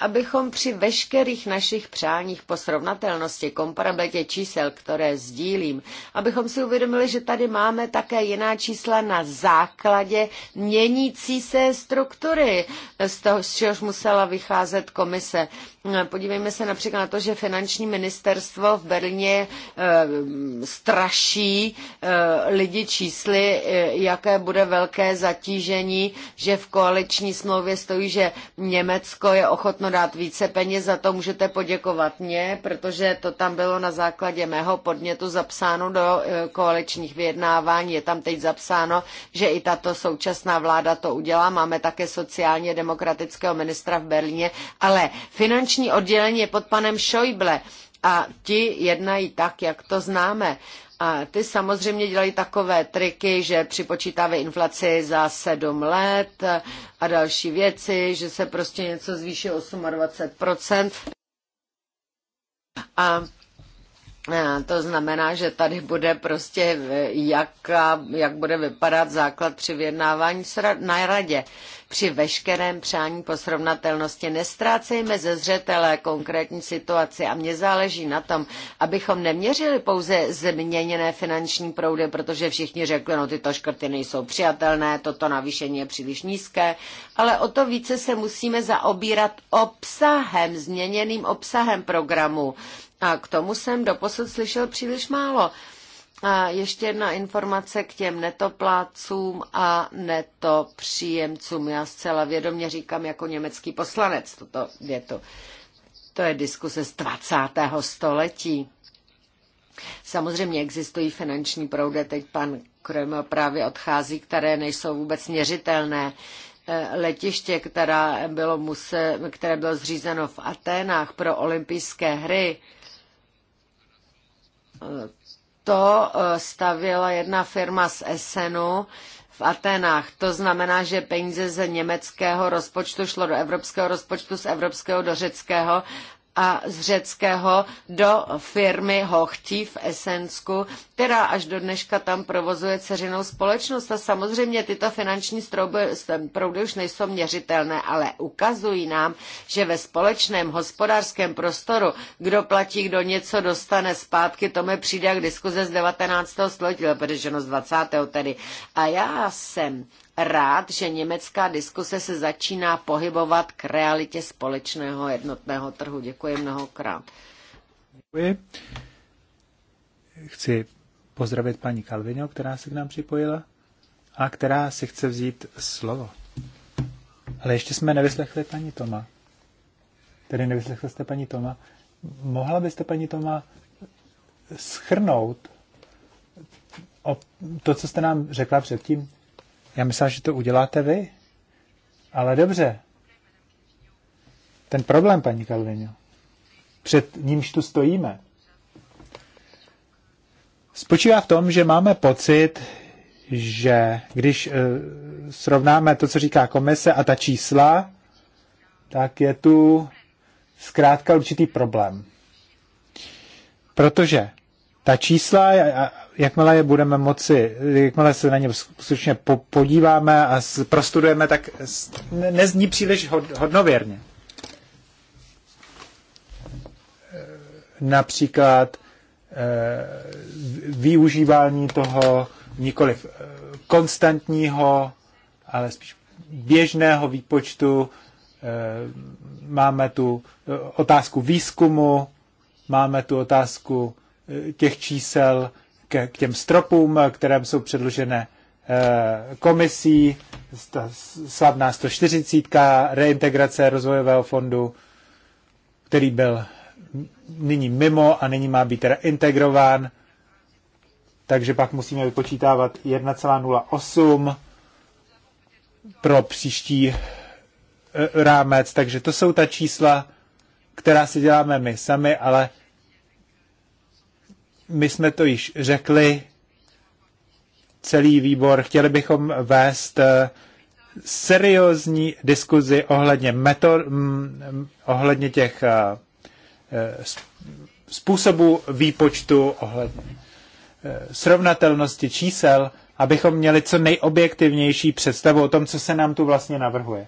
abychom při veškerých našich přáních po srovnatelnosti, komparabilitě čísel, které sdílím, abychom si uvědomili, že tady máme také jiná čísla na základě měnící se struktury, z toho, z čehož musela vycházet komise. Podívejme se například na to, že finanční ministerstvo v Berlíně e, straší e, lidi čísly, e, jaké bude velké zatížení, že v koaliční smlouvě stojí, že Německo je ochotno nutno dát více peněz, za to můžete poděkovat mě, protože to tam bylo na základě mého podnětu zapsáno do eh, koaličních vyjednávání. Je tam teď zapsáno, že i tato současná vláda to udělá. Máme také sociálně demokratického ministra v Berlíně, ale finanční oddělení je pod panem Schäuble a ti jednají tak, jak to známe. A ty samozřejmě dělají takové triky, že připočítávají inflaci za sedm let a další věci, že se prostě něco zvýší 28%. A to znamená, že tady bude prostě, e, jak, jak bude vypadat základ při vyjednávání na radě při veškerém přání po srovnatelnosti. Nestrácejme ze zřetele konkrétní situaci a mně záleží na tom, abychom neměřili pouze změněné finanční proudy, protože všichni řekli, no tyto škrty nejsou přijatelné, toto navýšení je příliš nízké, ale o to více se musíme zaobírat obsahem, změněným obsahem programu. A k tomu jsem doposud slyšel příliš málo. A ještě jedna informace k těm netoplácům a netopříjemcům. Já zcela vědomě říkám jako německý poslanec tuto větu. To je diskuse z 20. století. Samozřejmě existují finanční proudy, teď pan Krömer právě odchází, které nejsou vůbec měřitelné e, letiště, která bylo muse, které bylo zřízeno v Aténách pro olympijské hry, to eh, stavila jedna firma z Essenu v Atenách. To znamená, že peníze ze německého rozpočtu šlo do evropského rozpočtu, z evropského do řeckého a z řeckého do firmy Hochtí v Esensku, která až do dneška tam provozuje ceřinou společnost. A samozřejmě tyto finanční strouby, proudy už nejsou měřitelné, ale ukazují nám, že ve společném hospodářském prostoru, kdo platí, kdo něco dostane zpátky, to mi přijde jak diskuze z 19. století, protože no z 20. tedy. A já jsem rád, že německá diskuse se začíná pohybovat k realitě společného jednotného trhu. Děkuji mnohokrát. Děkuji. Chci pozdravit paní Kalvino, která se k nám připojila a která si chce vzít slovo. Ale ještě jsme nevyslechli paní Toma. Tedy nevyslechli jste paní Toma. Mohla byste paní Toma schrnout o to, co jste nám řekla předtím? Já myslím, že to uděláte vy. Ale dobře. Ten problém, paní Kalvinu, před nímž tu stojíme, spočívá v tom, že máme pocit, že když e, srovnáme to, co říká komise a ta čísla, tak je tu zkrátka určitý problém. Protože ta čísla, jakmile je budeme moci, jakmile se na ně skutečně podíváme a prostudujeme, tak nezní příliš hodnověrně. Eh, například eh, využívání toho nikoliv eh, konstantního, ale spíš běžného výpočtu. Máme tu otázku výzkumu, máme tu otázku těch čísel k, k těm stropům, které jsou předložené eh, komisí, ta slavná 140, reintegrace rozvojového fondu, který byl nyní mimo a nyní má být reintegrován. integrován, takže pak musíme vypočítávat 1,08 pro příští eh, rámec, takže to jsou ta čísla, která si děláme my sami, ale my jsme to již řekli, celý výbor, chtěli bychom vést eh, seriózní diskuzi ohledně, metod, mm, mm, ohledně těch eh, eh, způsobů výpočtu, ohledně srovnatelnosti čísel, abychom měli co nejobjektivnější představu o tom, co se nám tu vlastně navrhuje.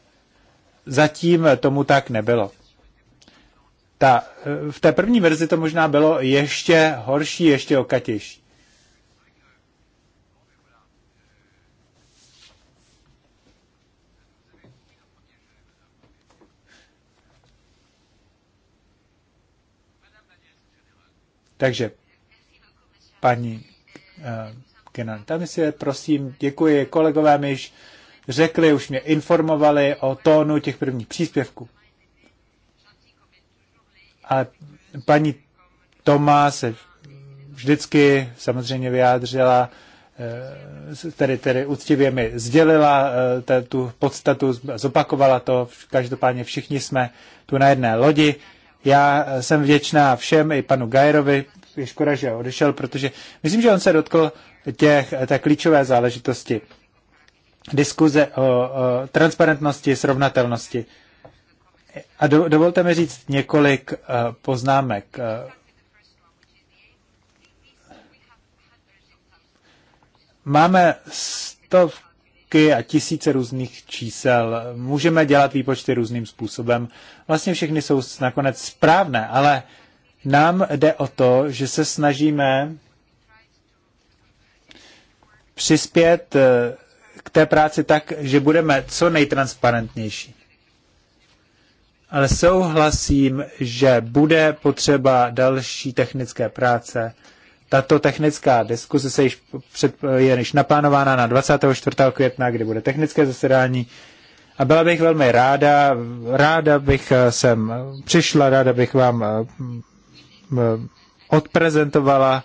Zatím tomu tak nebylo ta, eh, v té první verzi to možná bylo ještě horší, ještě okatější. Takže, paní uh, Kenan Tamisie, prosím, děkuji kolegové, mi již řekli, už mě informovali o tónu těch prvních příspěvků. A paní Toma se vždycky samozřejmě vyjádřila, eh, tedy, tedy úctivě mi sdělila eh, tu podstatu, zopakovala to, každopádně všichni jsme tu na jedné lodi. Já jsem vděčná všem, i panu Gajerovi, je škoda, že odešel, protože myslím, že on se dotkl těch, eh, té klíčové záležitosti. Diskuze o, o transparentnosti, srovnatelnosti. A do, dovolte mi říct několik eh, poznámek. Eh, máme stovky a tisíce různých čísel, můžeme dělat výpočty různým způsobem. Vlastně všechny jsou nakonec správné, ale nám jde o to, že se snažíme přispět eh, k té práci tak, že budeme co nejtransparentnější ale souhlasím, že bude potřeba další technické práce. Tato technická diskuse se již před, je již naplánována na 24. května, kdy bude technické zasedání. A byla bych velmi ráda, ráda bych eh, sem přišla, ráda bych vám eh, eh, odprezentovala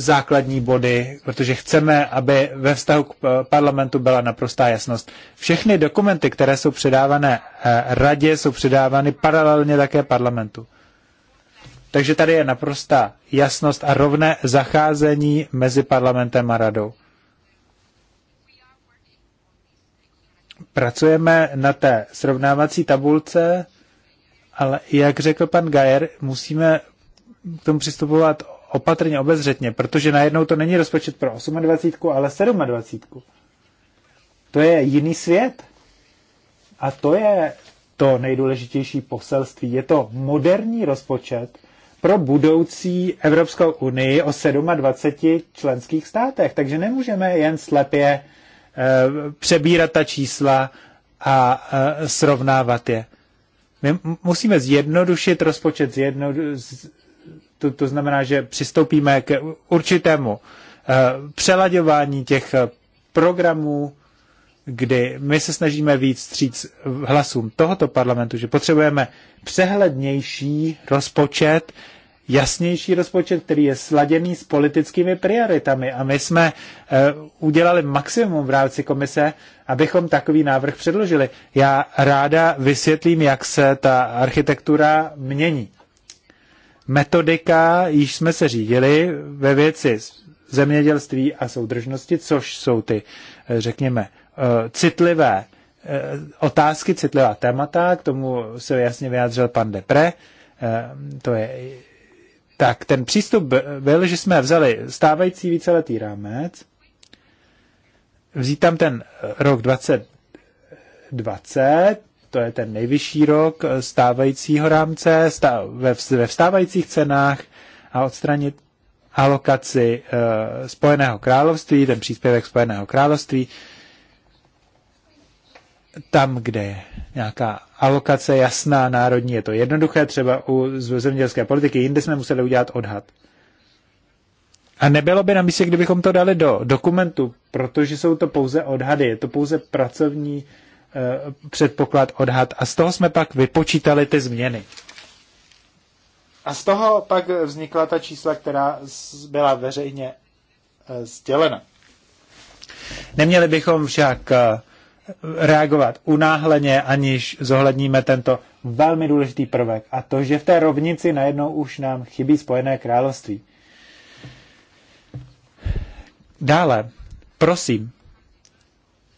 základní body, protože chceme, aby ve vztahu k eh, parlamentu byla naprostá jasnost. Všechny dokumenty, které jsou předávané eh, radě, jsou předávány paralelně také parlamentu. Takže tady je naprostá jasnost a rovné zacházení mezi parlamentem a radou. Pracujeme na té srovnávací tabulce, ale jak řekl pan Gajer, musíme k tomu přistupovat opatrně, obezřetně, protože najednou to není rozpočet pro 28, ale 27. To je jiný svět. A to je to nejdůležitější poselství. Je to moderní rozpočet pro budoucí Evropskou unii o 27 členských státech. Takže nemůžeme jen slepě e, přebírat ta čísla a e, srovnávat je. My musíme zjednodušit rozpočet, zjednodu, to, to znamená, že přistoupíme k určitému eh, přelaďování těch eh, programů, kdy my se snažíme víc stříc hlasům tohoto parlamentu, že potřebujeme přehlednější rozpočet, jasnější rozpočet, který je sladěný s politickými prioritami. A my jsme eh, udělali maximum v rámci komise, abychom takový návrh předložili. Já ráda vysvětlím, jak se ta architektura mění metodika, již jsme se řídili ve věci zemědělství a soudržnosti, což jsou ty, eh, řekněme, eh, citlivé eh, otázky, citlivá témata, k tomu se jasně vyjádřil pan Depre, to je tak ten přístup byl, že jsme vzali stávající víceletý rámec, vzít tam ten rok 2020, to je ten nejvyšší rok stávajícího rámce stá, ve, ve vstávajících cenách a odstranit alokaci eh, Spojeného království, ten příspěvek Spojeného království, tam, kde je nějaká alokace jasná, národní, je to jednoduché, třeba u zemědělské politiky, jinde jsme museli udělat odhad. A nebylo by na místě, kdybychom to dali do dokumentu, protože jsou to pouze odhady, je to pouze pracovní uh, Eh, předpoklad, odhad a z toho jsme pak vypočítali ty změny. A z toho pak vznikla ta čísla, která byla veřejně eh, sdělena. Neměli bychom však eh, reagovat unáhleně, aniž zohledníme tento velmi důležitý prvek a to, že v té rovnici najednou už nám chybí Spojené království. Dále, prosím,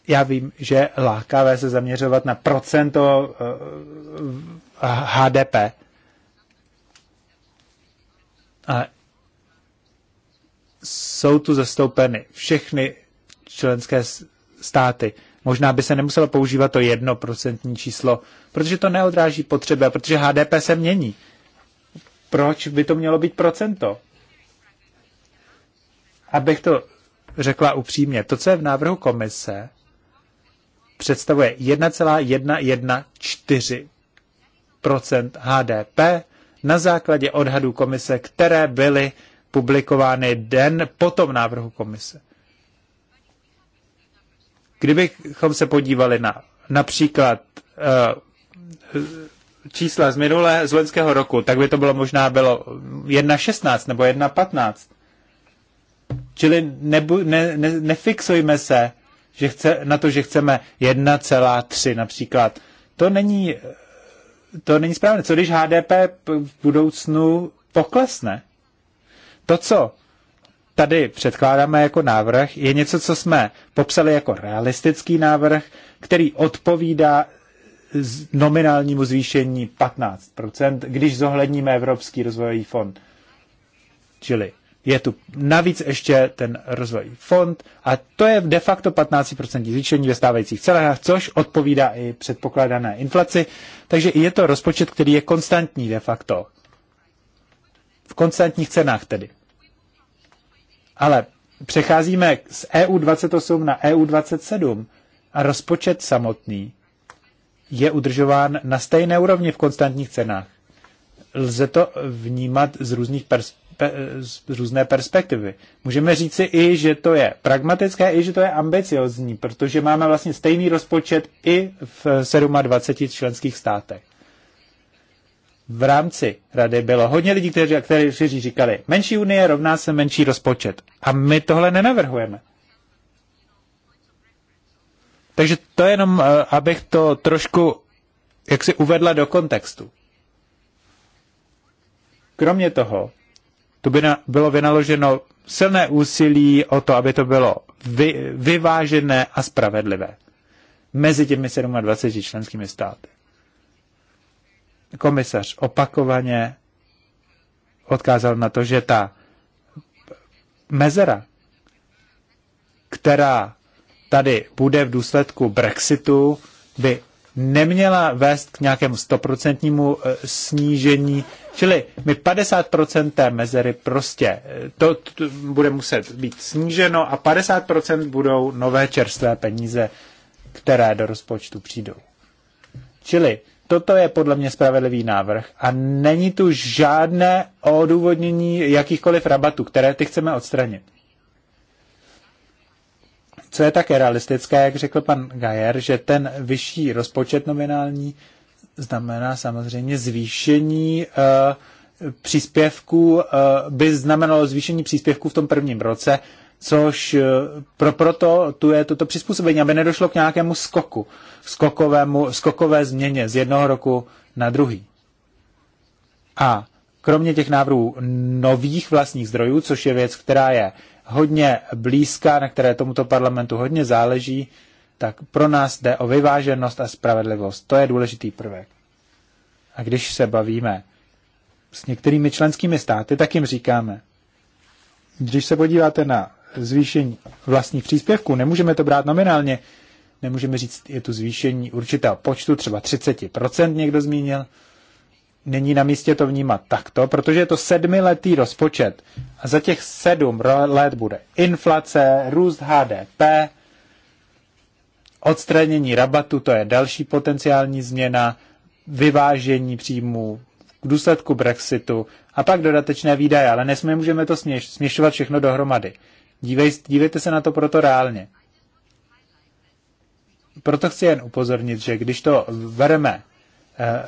já vím, že lákavé se zaměřovat na procento HDP, eh, ale jsou tu zastoupeny všechny členské státy. Možná by se nemuselo používat to jednoprocentní číslo, protože to neodráží potřeby, protože HDP se mění. Proč by to mělo být procento? Abych to řekla upřímně, to, co je v návrhu komise, představuje 1,114 HDP na základě odhadů komise, které byly publikovány den po tom návrhu komise. Kdybychom se podívali na například uh, čísla z minulé, z loňského roku, tak by to bylo možná bylo 1,16 nebo 1,15. Čili nebu, ne, ne, nefixujme se že chce, na to, že chceme 1,3 například. To není, to není správné. Co když HDP v budoucnu poklesne? To, co tady předkládáme jako návrh, je něco, co jsme popsali jako realistický návrh, který odpovídá nominálnímu zvýšení 15%, když zohledníme Evropský rozvojový fond. Čili je tu navíc ještě ten rozvoj fond a to je de facto 15% zvýšení ve stávajících cenách, což odpovídá i předpokládané inflaci, takže je to rozpočet, který je konstantní de facto. V konstantních cenách tedy. Ale přecházíme z EU28 na EU27 a rozpočet samotný je udržován na stejné úrovni v konstantních cenách. Lze to vnímat z různých perspektiv z různé perspektivy. Můžeme říci i, že to je pragmatické, i že to je ambiciozní, protože máme vlastně stejný rozpočet i v 27 členských státech. V rámci rady bylo hodně lidí, kteří, kteří říkali, menší unie rovná se menší rozpočet. A my tohle nenavrhujeme. Takže to jenom, eh, abych to trošku jaksi uvedla do kontextu. Kromě toho tu by na, bylo vynaloženo silné úsilí o to, aby to bylo vy, vyvážené a spravedlivé mezi těmi 27 členskými státy. Komisař opakovaně odkázal na to, že ta mezera, která tady bude v důsledku Brexitu, by neměla vést k nějakému stoprocentnímu eh, snížení, čili my 50% té mezery prostě, eh, to, to bude muset být sníženo a 50% budou nové čerstvé peníze, které do rozpočtu přijdou. Čili toto je podle mě spravedlivý návrh a není tu žádné odůvodnění jakýchkoliv rabatů, které ty chceme odstranit. Co je také realistické, jak řekl pan Gajer, že ten vyšší rozpočet nominální znamená samozřejmě zvýšení uh, příspěvků, uh, by znamenalo zvýšení příspěvků v tom prvním roce, což eh, pro, proto tu je toto přizpůsobení, aby nedošlo k nějakému skoku, skokovému, skokové změně z jednoho roku na druhý. A kromě těch návrhů nových vlastních zdrojů, což je věc, která je hodně blízká, na které tomuto parlamentu hodně záleží, tak pro nás jde o vyváženost a spravedlivost. To je důležitý prvek. A když se bavíme s některými členskými státy, tak jim říkáme, když se podíváte na zvýšení vlastních příspěvků, nemůžeme to brát nominálně, nemůžeme říct, je tu zvýšení určitého počtu, třeba 30%, někdo zmínil, není na místě to vnímat takto, protože je to sedmiletý rozpočet a za těch sedm let bude inflace, růst HDP, odstranění rabatu, to je další potenciální změna, vyvážení příjmů v důsledku Brexitu a pak dodatečné výdaje, ale nesmí, můžeme to směš, směšovat všechno dohromady. Dívej, dívejte se na to proto reálně. Proto chci jen upozornit, že když to vereme Eh,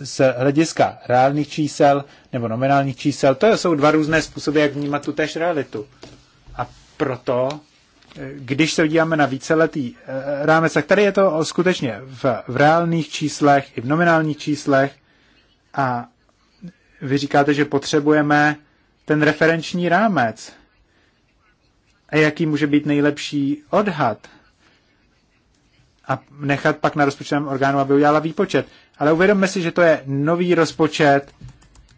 z hlediska reálných čísel nebo nominálních čísel, to jsou dva různé způsoby, jak vnímat tu též realitu. A proto, eh, když se díváme na víceletý eh, rámec, tak tady je to skutečně v, v reálných číslech i v nominálních číslech a vy říkáte, že potřebujeme ten referenční rámec. A jaký může být nejlepší odhad? A nechat pak na rozpočtovém orgánu, aby udělala výpočet. Ale uvědomme si, že to je nový rozpočet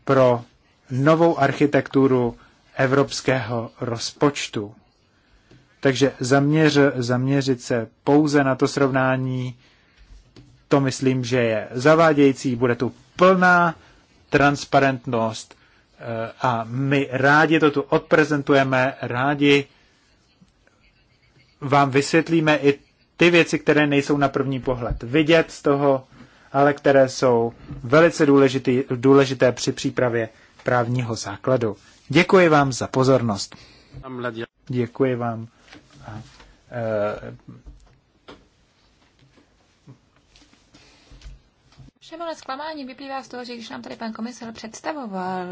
pro novou architekturu evropského rozpočtu. Takže zaměř, zaměřit se pouze na to srovnání, to myslím, že je zavádějící, bude tu plná transparentnost eh, a my rádi to tu odprezentujeme, rádi vám vysvětlíme i ty věci, které nejsou na první pohled vidět z toho ale které jsou velice důležitý, důležité při přípravě právního základu. Děkuji vám za pozornost. Děkuji vám. A, eh, Všemohle zklamání vyplývá z toho, že když nám tady pan komisar představoval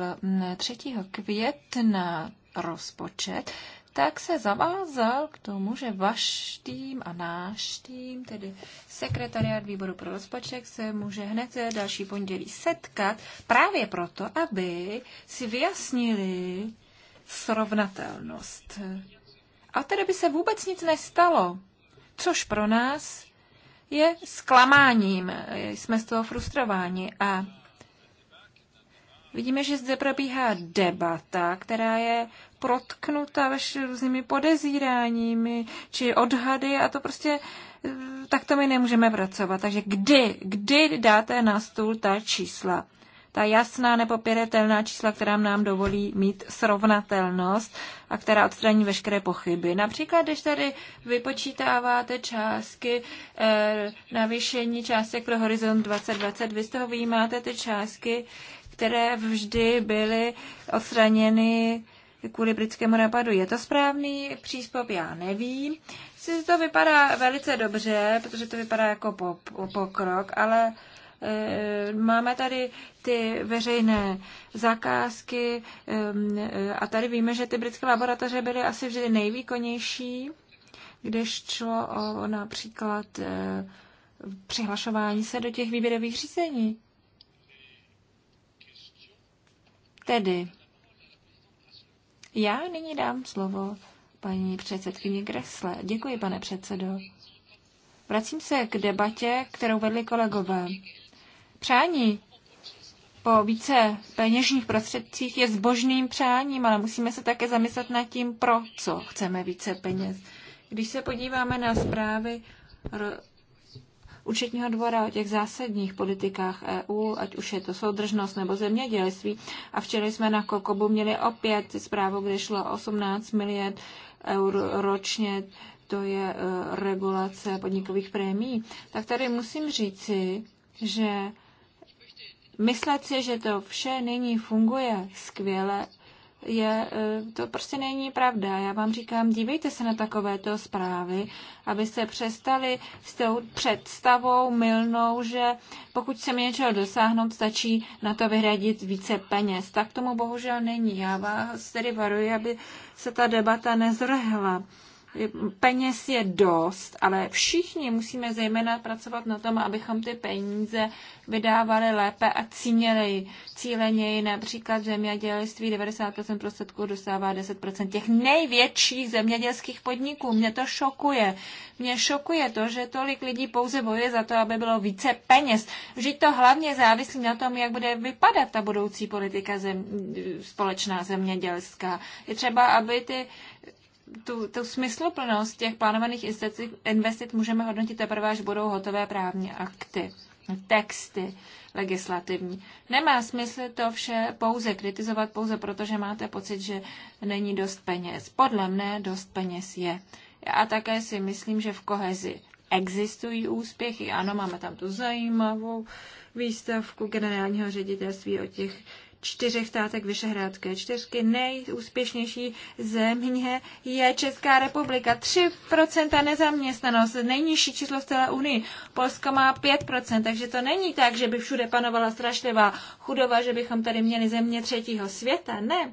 3. května rozpočet, tak se zavázal k tomu, že vaš tým a náš tým, tedy sekretariát výboru pro rozpočet se může hned další pondělí setkat právě proto, aby si vyjasnili srovnatelnost. A tedy by se vůbec nic nestalo, což pro nás je zklamáním. Jsme z toho frustrováni a Vidíme, že zde probíhá debata, která je protknuta různými podezíráními či odhady a to prostě eh, tak to my nemůžeme pracovat. Takže kdy, kdy dáte na stůl ta čísla? Ta jasná, nepopiratelná čísla, která nám dovolí mít srovnatelnost a která odstraní veškeré pochyby. Například, když tady vypočítáváte částky eh, navýšení částek pro Horizont 2020, vy z toho vyjímáte ty částky, které vždy byly odstraněny kvůli britskému napadu. Je to správný přístup? Já nevím. Si to vypadá velice dobře, protože to vypadá jako pokrok, ale eh, máme tady ty veřejné zakázky eh, a tady víme, že ty britské laboratoře byly asi vždy nejvýkonnější, když šlo o například eh, přihlašování se do těch výběrových řízení. Tedy já nyní dám slovo paní předsedkyni Gresle. Děkuji, pane předsedo. Vracím se k debatě, kterou vedli kolegové. Přání po více peněžních prostředcích je zbožným přáním, ale musíme se také zamyslet nad tím, pro co chceme více peněz. Když se podíváme na zprávy účetního dvora o těch zásadních politikách EU, ať už je to soudržnost nebo zemědělství. A včera jsme na Kokobu měli opět zprávu, kde šlo 18 miliard eur ročně, to je e, regulace podnikových prémí. Tak tady musím říci, že myslet si, že to vše nyní funguje skvěle, je, e, to prostě není pravda. Já vám říkám, dívejte se na takovéto zprávy, aby se přestali s tou představou milnou, že pokud se mi něčeho dosáhnout, stačí na to vyhradit více peněz. Tak tomu bohužel není. Já vás tedy varuji, aby se ta debata nezrhla peněz je dost, ale všichni musíme zejména pracovat na tom, abychom ty peníze vydávali lépe a cíněli, cíleněji. Například v zemědělství 90% prostředků dostává 10% těch největších zemědělských podniků. Mě to šokuje. Mě šokuje to, že tolik lidí pouze bojuje za to, aby bylo více peněz. Vždyť to hlavně závislí na tom, jak bude vypadat ta budoucí politika zem, společná zemědělská. Je třeba, aby ty tu, tu smysluplnost těch plánovaných investic můžeme hodnotit teprve, až budou hotové právní akty, texty legislativní. Nemá smysl to vše pouze kritizovat, pouze proto, že máte pocit, že není dost peněz. Podle mne dost peněz je. A také si myslím, že v kohezi existují úspěchy. Ano, máme tam tu zajímavou výstavku generálního ředitelství o těch čtyřech státek Vyšehradské čtyřky. Nejúspěšnější země je Česká republika. 3% nezaměstnanost, nejnižší číslo v celé Unii. Polsko má 5%, takže to není tak, že by všude panovala strašlivá chudoba, že bychom tady měli země třetího světa. Ne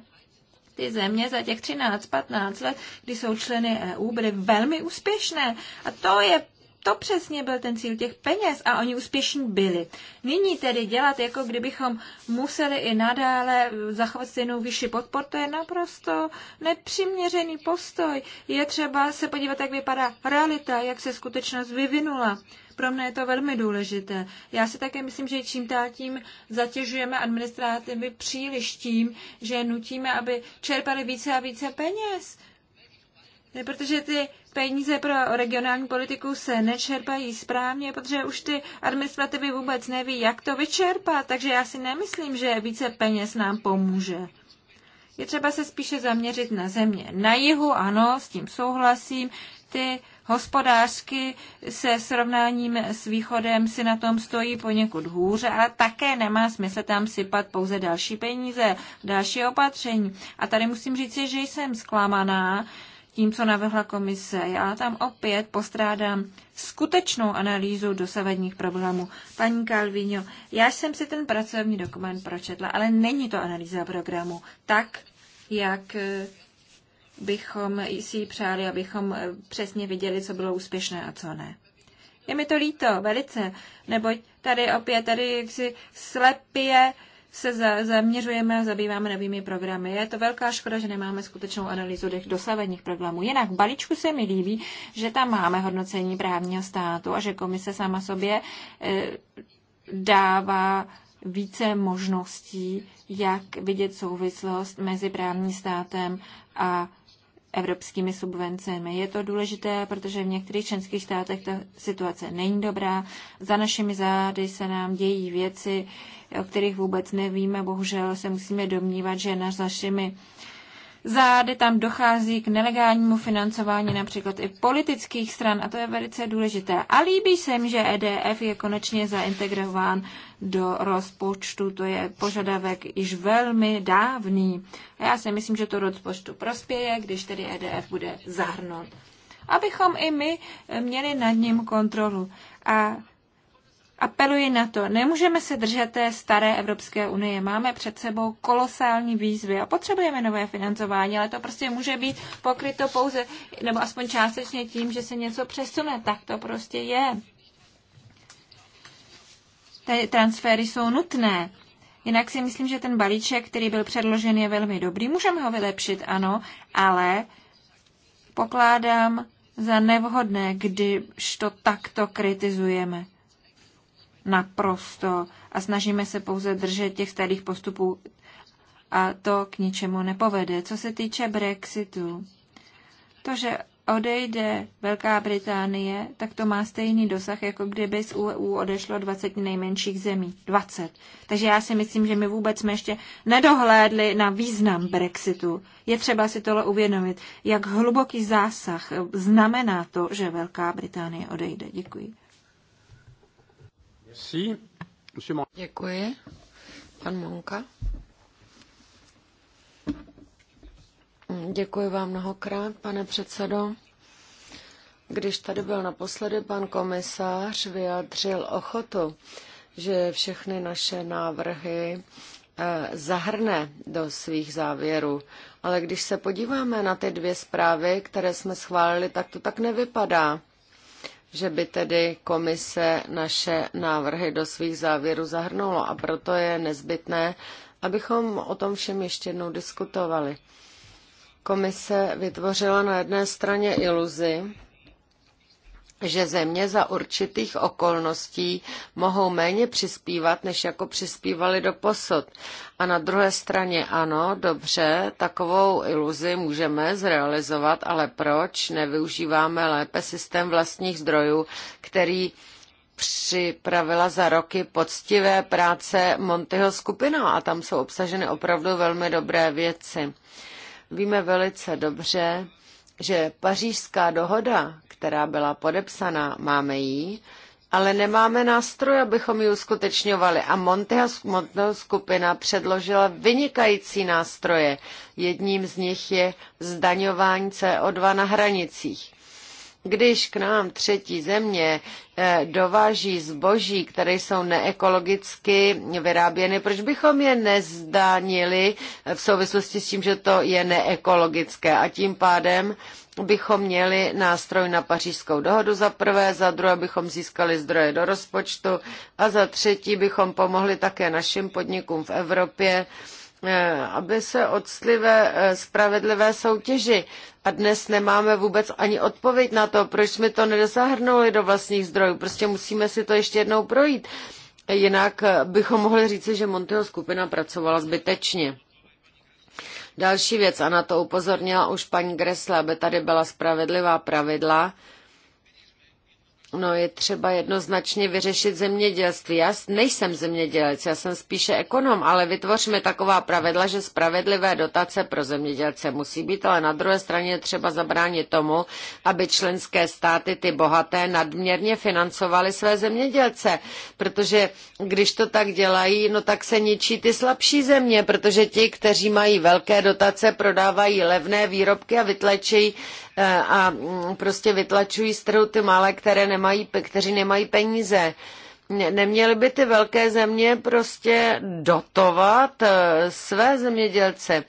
ty země za těch 13-15 let, kdy jsou členy EU, byly velmi úspěšné. A to je to přesně byl ten cíl těch peněz a oni úspěšní byli. Nyní tedy dělat, jako kdybychom museli i nadále zachovat stejnou vyšší podpor, to je naprosto nepřiměřený postoj. Je třeba se podívat, jak vypadá realita, jak se skutečnost vyvinula. Pro mě je to velmi důležité. Já si také myslím, že čím dál tím zatěžujeme administrativy příliš tím, že nutíme, aby čerpali více a více peněz. Ne, protože ty peníze pro regionální politiku se nečerpají správně, protože už ty administrativy vůbec neví, jak to vyčerpat, takže já si nemyslím, že více peněz nám pomůže. Je třeba se spíše zaměřit na země. Na jihu, ano, s tím souhlasím, ty hospodářsky se srovnáním s východem si na tom stojí poněkud hůře, ale také nemá smysl tam sypat pouze další peníze, další opatření. A tady musím říct, že jsem zklamaná, tím, co navrhla komise. Já tam opět postrádám skutečnou analýzu dosavadních problémů. Paní Kalvíňo, já jsem si ten pracovní dokument pročetla, ale není to analýza programu tak, jak eh, bychom si ji přáli, abychom eh, přesně viděli, co bylo úspěšné a co ne. Je mi to líto, velice, neboť tady opět, tady jaksi slepě se zaměřujeme a zabýváme novými programy. Je to velká škoda, že nemáme skutečnou analýzu těch dosavadních programů. Jinak v balíčku se mi líbí, že tam máme hodnocení právního státu a že komise sama sobě e, dává více možností, jak vidět souvislost mezi právním státem a evropskými subvencemi. Je to důležité, protože v některých členských státech ta situace není dobrá. Za našimi zády se nám dějí věci, o kterých vůbec nevíme. Bohužel se musíme domnívat, že na našimi zády tam dochází k nelegálnímu financování například i politických stran a to je velice důležité. A líbí se mi, že EDF je konečně zaintegrován do rozpočtu, to je požadavek již velmi dávný. A já si myslím, že to rozpočtu prospěje, když tedy EDF bude zahrnout. Abychom i my měli nad ním kontrolu. A Apeluji na to, nemůžeme se držet té staré Evropské unie. Máme před sebou kolosální výzvy a potřebujeme nové financování, ale to prostě může být pokryto pouze, nebo aspoň částečně tím, že se něco přesune. Tak to prostě je. Ty transfery jsou nutné. Jinak si myslím, že ten balíček, který byl předložen, je velmi dobrý. Můžeme ho vylepšit, ano, ale pokládám za nevhodné, když to takto kritizujeme naprosto a snažíme se pouze držet těch starých postupů a to k ničemu nepovede. Co se týče Brexitu, to, že odejde Velká Británie, tak to má stejný dosah, jako kdyby z EU e odešlo 20 nejmenších zemí. 20. Takže já si myslím, že my vůbec jsme ještě nedohlédli na význam Brexitu. Je třeba si tohle uvědomit, jak hluboký zásah znamená to, že Velká Británie odejde. Děkuji. Děkuji. Pan Monka. Děkuji vám mnohokrát, pane předsedo. Když tady byl naposledy pan komisář, vyjádřil ochotu, že všechny naše návrhy eh, zahrne do svých závěrů. Ale když se podíváme na ty dvě zprávy, které jsme schválili, tak to tak nevypadá že by tedy komise naše návrhy do svých závěrů zahrnula a proto je nezbytné, abychom o tom všem ještě jednou diskutovali. Komise vytvořila na jedné straně iluzi, že země za určitých okolností mohou méně přispívat, než jako přispívali do posud. A na druhé straně ano, dobře, takovou iluzi můžeme zrealizovat, ale proč nevyužíváme lépe systém vlastních zdrojů, který připravila za roky poctivé práce Montyho skupina a tam jsou obsaženy opravdu velmi dobré věci. Víme velice dobře, že pařížská dohoda, která byla podepsaná, máme ji, ale nemáme nástroj, abychom ji uskutečňovali. A Monteho skupina předložila vynikající nástroje. Jedním z nich je zdaňování CO2 na hranicích. Když k nám třetí země eh, dováží zboží, které jsou neekologicky vyráběny, proč bychom je nezdánili v souvislosti s tím, že to je neekologické a tím pádem bychom měli nástroj na pařížskou dohodu za prvé, za druhé bychom získali zdroje do rozpočtu a za třetí bychom pomohli také našim podnikům v Evropě, Eh, aby se odstly ve eh, spravedlivé soutěži. A dnes nemáme vůbec ani odpověď na to, proč jsme to nedosáhnuli do vlastních zdrojů. Prostě musíme si to ještě jednou projít. Jinak eh, bychom mohli říci, že Monteho skupina pracovala zbytečně. Další věc, a na to upozornila už paní Gresle, aby tady byla spravedlivá pravidla, No je třeba jednoznačně vyřešit zemědělství. Já nejsem zemědělec, já jsem spíše ekonom, ale vytvořme taková pravidla, že spravedlivé dotace pro zemědělce musí být, ale na druhé straně třeba zabránit tomu, aby členské státy ty bohaté nadměrně financovaly své zemědělce, protože když to tak dělají, no tak se ničí ty slabší země, protože ti, kteří mají velké dotace, prodávají levné výrobky a vytlečejí Eh, a mm, prostě vytlačují z trhu ty malé, které nemají, kteří nemají peníze. Neměly by ty velké země prostě dotovat eh, své zemědělce.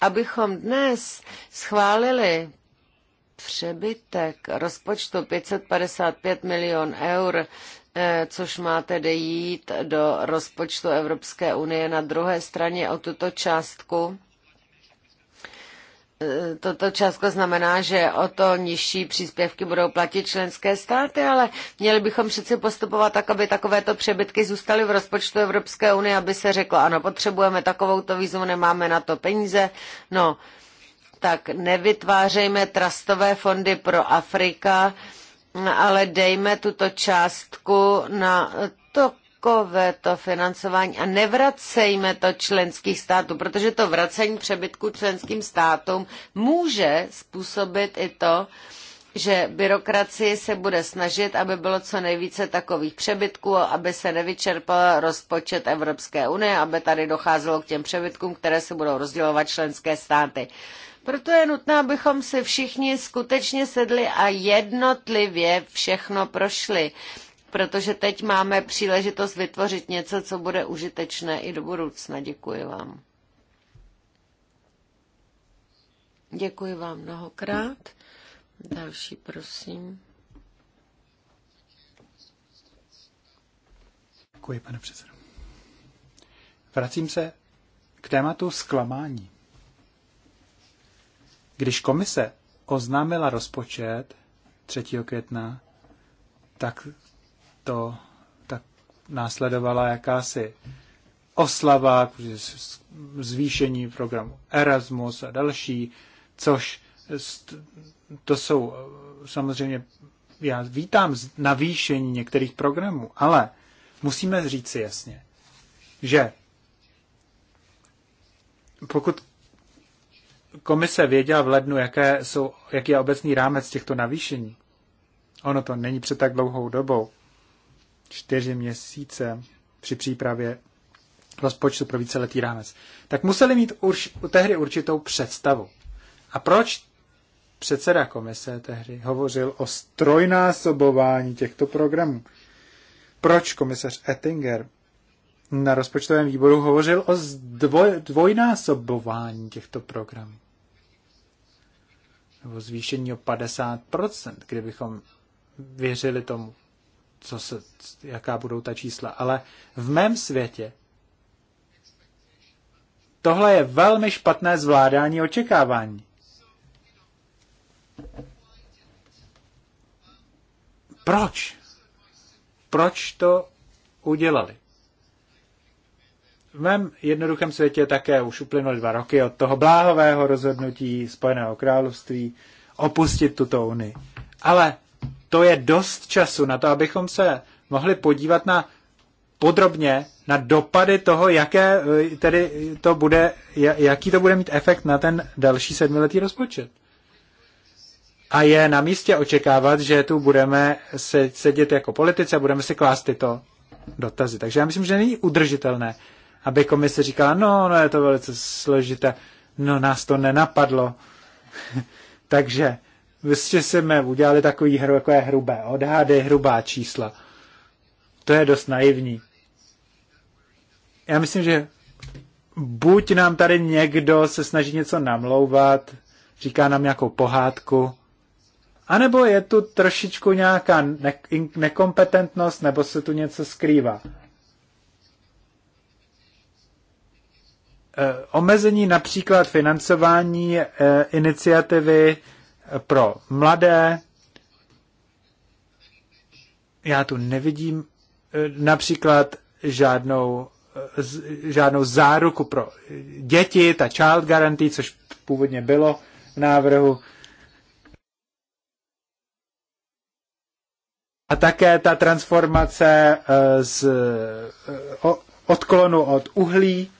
Abychom dnes schválili přebytek rozpočtu 555 milion eur, eh, což má tedy jít do rozpočtu Evropské unie na druhé straně o tuto částku, E, toto částko znamená, že o to nižší příspěvky budou platit členské státy, ale měli bychom přeci postupovat tak, aby takovéto přebytky zůstaly v rozpočtu Evropské unie, aby se řeklo, ano, potřebujeme takovouto výzvu, nemáme na to peníze. No, tak nevytvářejme trastové fondy pro Afrika, ale dejme tuto částku na to, to financování a nevracejme to členských států, protože to vracení přebytku členským státům může způsobit i to, že byrokracie se bude snažit, aby bylo co nejvíce takových přebytků, aby se nevyčerpal rozpočet Evropské unie, aby tady docházelo k těm přebytkům, které se budou rozdělovat členské státy. Proto je nutné, abychom si všichni skutečně sedli a jednotlivě všechno prošli protože teď máme příležitost vytvořit něco, co bude užitečné i do budoucna. Děkuji vám. Děkuji vám mnohokrát. Další, prosím. Děkuji, pane předsedo. Vracím se k tématu zklamání. Když komise oznámila rozpočet 3. května, tak to tak následovala jakási oslava, zvýšení programu Erasmus a další, což to jsou eh, samozřejmě, já vítám navýšení některých programů, ale musíme říct si jasně, že pokud komise věděla v lednu, jaké jsou, jaký je obecný rámec těchto navýšení, ono to není před tak dlouhou dobou, čtyři měsíce při přípravě rozpočtu pro víceletý rámec, tak museli mít urš, tehdy určitou představu. A proč předseda komise tehdy hovořil o strojnásobování těchto programů? Proč komisař Ettinger na rozpočtovém výboru hovořil o zdvoj, dvojnásobování těchto programů? Nebo zvýšení o 50%, kdybychom věřili tomu co se, jaká budou ta čísla, ale v mém světě tohle je velmi špatné zvládání očekávání. Proč? Proč to udělali? V mém jednoduchém světě také už uplynuly dva roky od toho bláhového rozhodnutí Spojeného království opustit tuto unii. Ale to je dost času na to, abychom se mohli podívat na podrobně na dopady toho, jaké eh, tedy to bude, jaký to bude mít efekt na ten další sedmiletý rozpočet. A je na místě očekávat, že tu budeme se, sedět jako politici a budeme si klást tyto dotazy. Takže já myslím, že není udržitelné, aby komise říkala, no, no je to velice složité, no nás to nenapadlo. [laughs] Takže Vlastně jsme udělali takový hru, jako je hrubé odhady, hrubá čísla. To je dost naivní. Já myslím, že buď nám tady někdo se snaží něco namlouvat, říká nám nějakou pohádku, anebo je tu trošičku nějaká ne- nekompetentnost, nebo se tu něco skrývá. Eh, omezení například financování eh, iniciativy pro mladé. Já tu nevidím eh, například žádnou, eh, žádnou záruku pro děti, ta child guarantee, což původně bylo v návrhu. A také ta transformace eh, z odklonu od uhlí,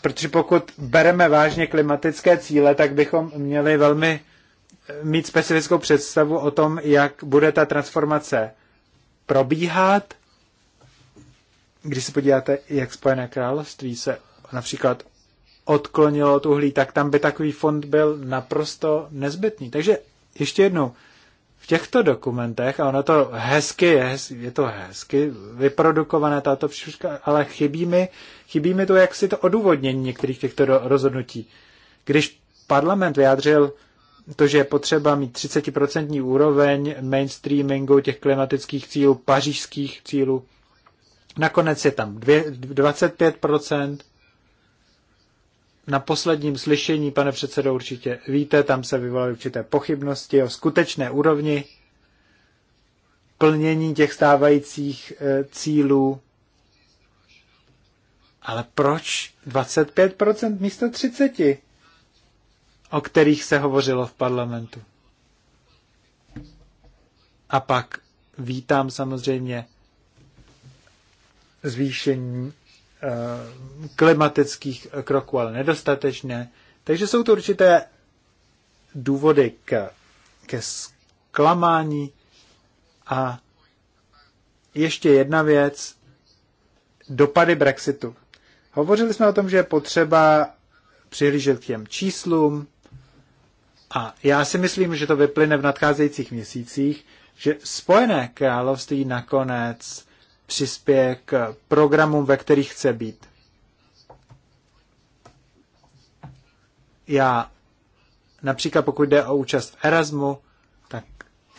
protože pokud bereme vážně klimatické cíle, tak bychom měli velmi mít specifickou představu o tom, jak bude ta transformace probíhat. Když se podíváte, jak Spojené království se například odklonilo od uhlí, tak tam by takový fond byl naprosto nezbytný. Takže ještě jednou, v těchto dokumentech, a ono to hezky je, je to hezky vyprodukované tato příručka, ale chybí mi, chybí mi to si to odůvodnění některých těchto rozhodnutí. Když parlament vyjádřil to, že je potřeba mít 30% úroveň mainstreamingu těch klimatických cílů, pařížských cílů. Nakonec je tam dvě, 25%. Na posledním slyšení, pane předsedo, určitě víte, tam se vyvolaly určité pochybnosti o skutečné úrovni plnění těch stávajících eh, cílů. Ale proč 25% místo 30%? o kterých se hovořilo v parlamentu. A pak vítám samozřejmě zvýšení eh, klimatických kroků, ale nedostatečné. Takže jsou to určité důvody k, ke zklamání. A ještě jedna věc, dopady Brexitu. Hovořili jsme o tom, že je potřeba přihlížet k těm číslům, a já si myslím, že to vyplyne v nadcházejících měsících, že Spojené království nakonec přispěje k programům, ve kterých chce být. Já například pokud jde o účast v Erasmu, tak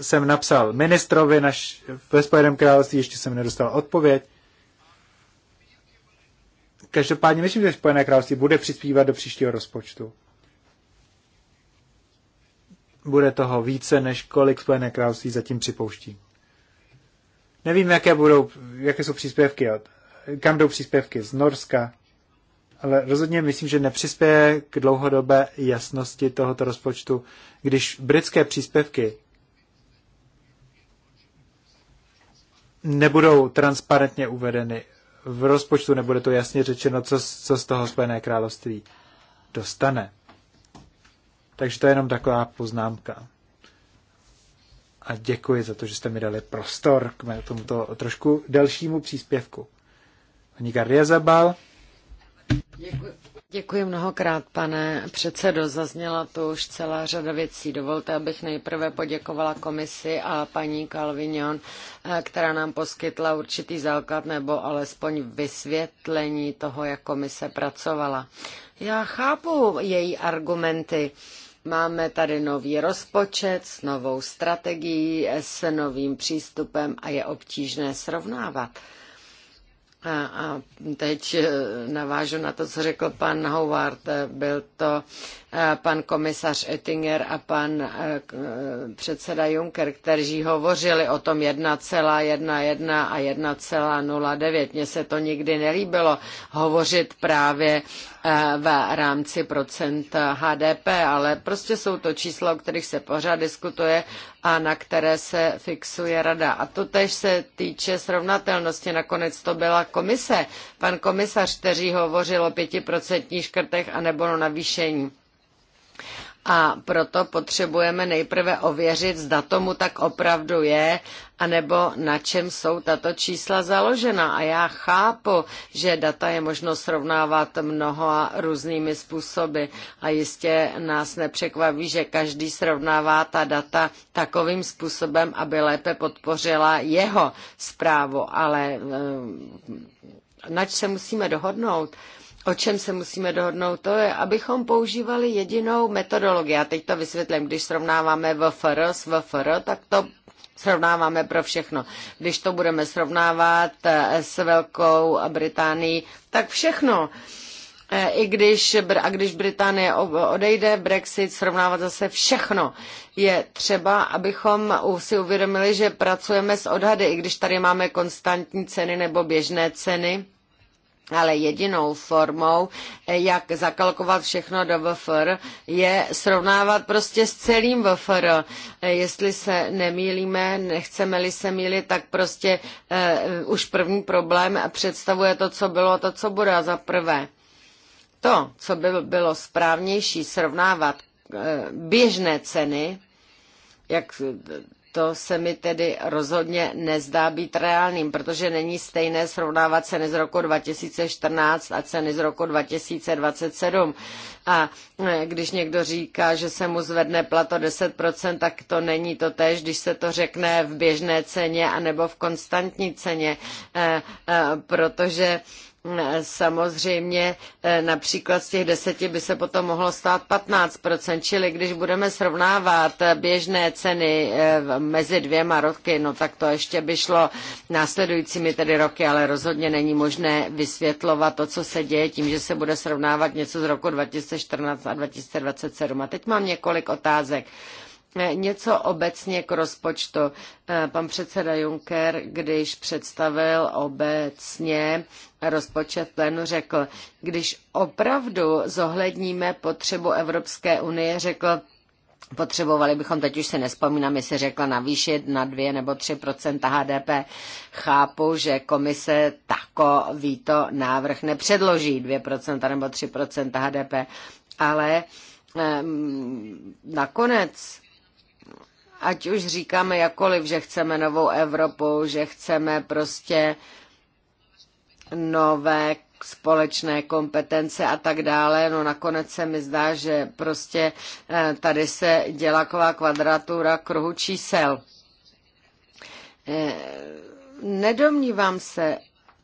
jsem napsal ministrovi naš, ve Spojeném království, ještě jsem nedostal odpověď. Každopádně myslím, že Spojené království bude přispívat do příštího rozpočtu bude toho více, než kolik Spojené království zatím připouští. Nevím, jaké, budou, jaké jsou příspěvky, od, kam jdou příspěvky z Norska, ale rozhodně myslím, že nepřispěje k dlouhodobé jasnosti tohoto rozpočtu, když britské příspěvky nebudou transparentně uvedeny v rozpočtu, nebude to jasně řečeno, co, co z toho Spojené království dostane. Takže to je jenom taková poznámka. A děkuji za to, že jste mi dali prostor k tomuto trošku delšímu příspěvku. Pani Garia Zabal. Děkuji. Děkuji mnohokrát, pane předsedo. Zazněla tu už celá řada věcí. Dovolte, abych nejprve poděkovala komisi a paní Calvinion, eh, která nám poskytla určitý základ nebo alespoň vysvětlení toho, jak komise pracovala. Já chápu její argumenty. Máme tady nový rozpočet s novou strategií, s novým přístupem a je obtížné srovnávat. A, a teď eh, navážu na to, co řekl pan Howard. Eh, byl to Eh, pan komisař Ettinger a pan eh, eh, předseda Juncker, kteří hovořili o tom 1,11 a 1,09. Mně se to nikdy nelíbilo hovořit právě v rámci procent HDP, ale prostě jsou to čísla, o kterých se pořád diskutuje a na které se fixuje rada. A to tež se týče srovnatelnosti. Nakonec to byla komise, pan komisař, kteří hovořil o pětiprocentních škrtech anebo o navýšení a proto potřebujeme nejprve ověřit, zda tomu tak opravdu je, anebo na čem jsou tato čísla založena. A já chápu, že data je možno srovnávat mnoha různými způsoby a jistě nás nepřekvapí, že každý srovnává ta data takovým způsobem, aby lépe podpořila jeho zprávu, ale eh, nač se musíme dohodnout, O čem se musíme dohodnout, to je, abychom používali jedinou metodologii. A teď to vysvětlím, když srovnáváme VFR s VFR, tak to srovnáváme pro všechno. Když to budeme srovnávat eh, s Velkou Británií, tak všechno. Eh, I když, a když Británie odejde, Brexit srovnávat zase všechno. Je třeba, abychom si uvědomili, že pracujeme s odhady, i když tady máme konstantní ceny nebo běžné ceny ale jedinou formou, eh, jak zakalkovat všechno do VFR, je srovnávat prostě s celým VFR. Eh, jestli se nemýlíme, nechceme-li se mýlit, tak prostě eh, už první problém představuje to, co bylo, a to, co bude za prvé. To, co by bylo správnější, srovnávat eh, běžné ceny, jak to se mi tedy rozhodně nezdá být reálným, protože není stejné srovnávat ceny z roku 2014 a ceny z roku 2027. A e, když někdo říká, že se mu zvedne plat o 10%, tak to není to tež, když se to řekne v běžné ceně anebo v konstantní ceně, e, e, protože samozřejmě eh, například z těch deseti by se potom mohlo stát 15%, čili když budeme srovnávat eh, běžné ceny eh, mezi dvěma roky, no tak to ještě by šlo následujícími tedy roky, ale rozhodně není možné vysvětlovat to, co se děje tím, že se bude srovnávat něco z roku 2014 a 2027. A teď mám několik otázek. Něco obecně k rozpočtu. Eh, pan předseda Juncker, když představil obecně rozpočet plénu, řekl, když opravdu zohledníme potřebu Evropské unie, řekl, Potřebovali bychom, teď už si nespomínám, jestli řekla navýšit na 2 nebo 3 HDP. Chápu, že komise takový to návrh nepředloží 2 nebo 3 HDP, ale um, nakonec Ať už říkáme jakoliv, že chceme novou Evropu, že chceme prostě nové společné kompetence a tak dále. No nakonec se mi zdá, že prostě eh, tady se dělá taková kvadratura kruhu čísel. Eh, nedomnívám se,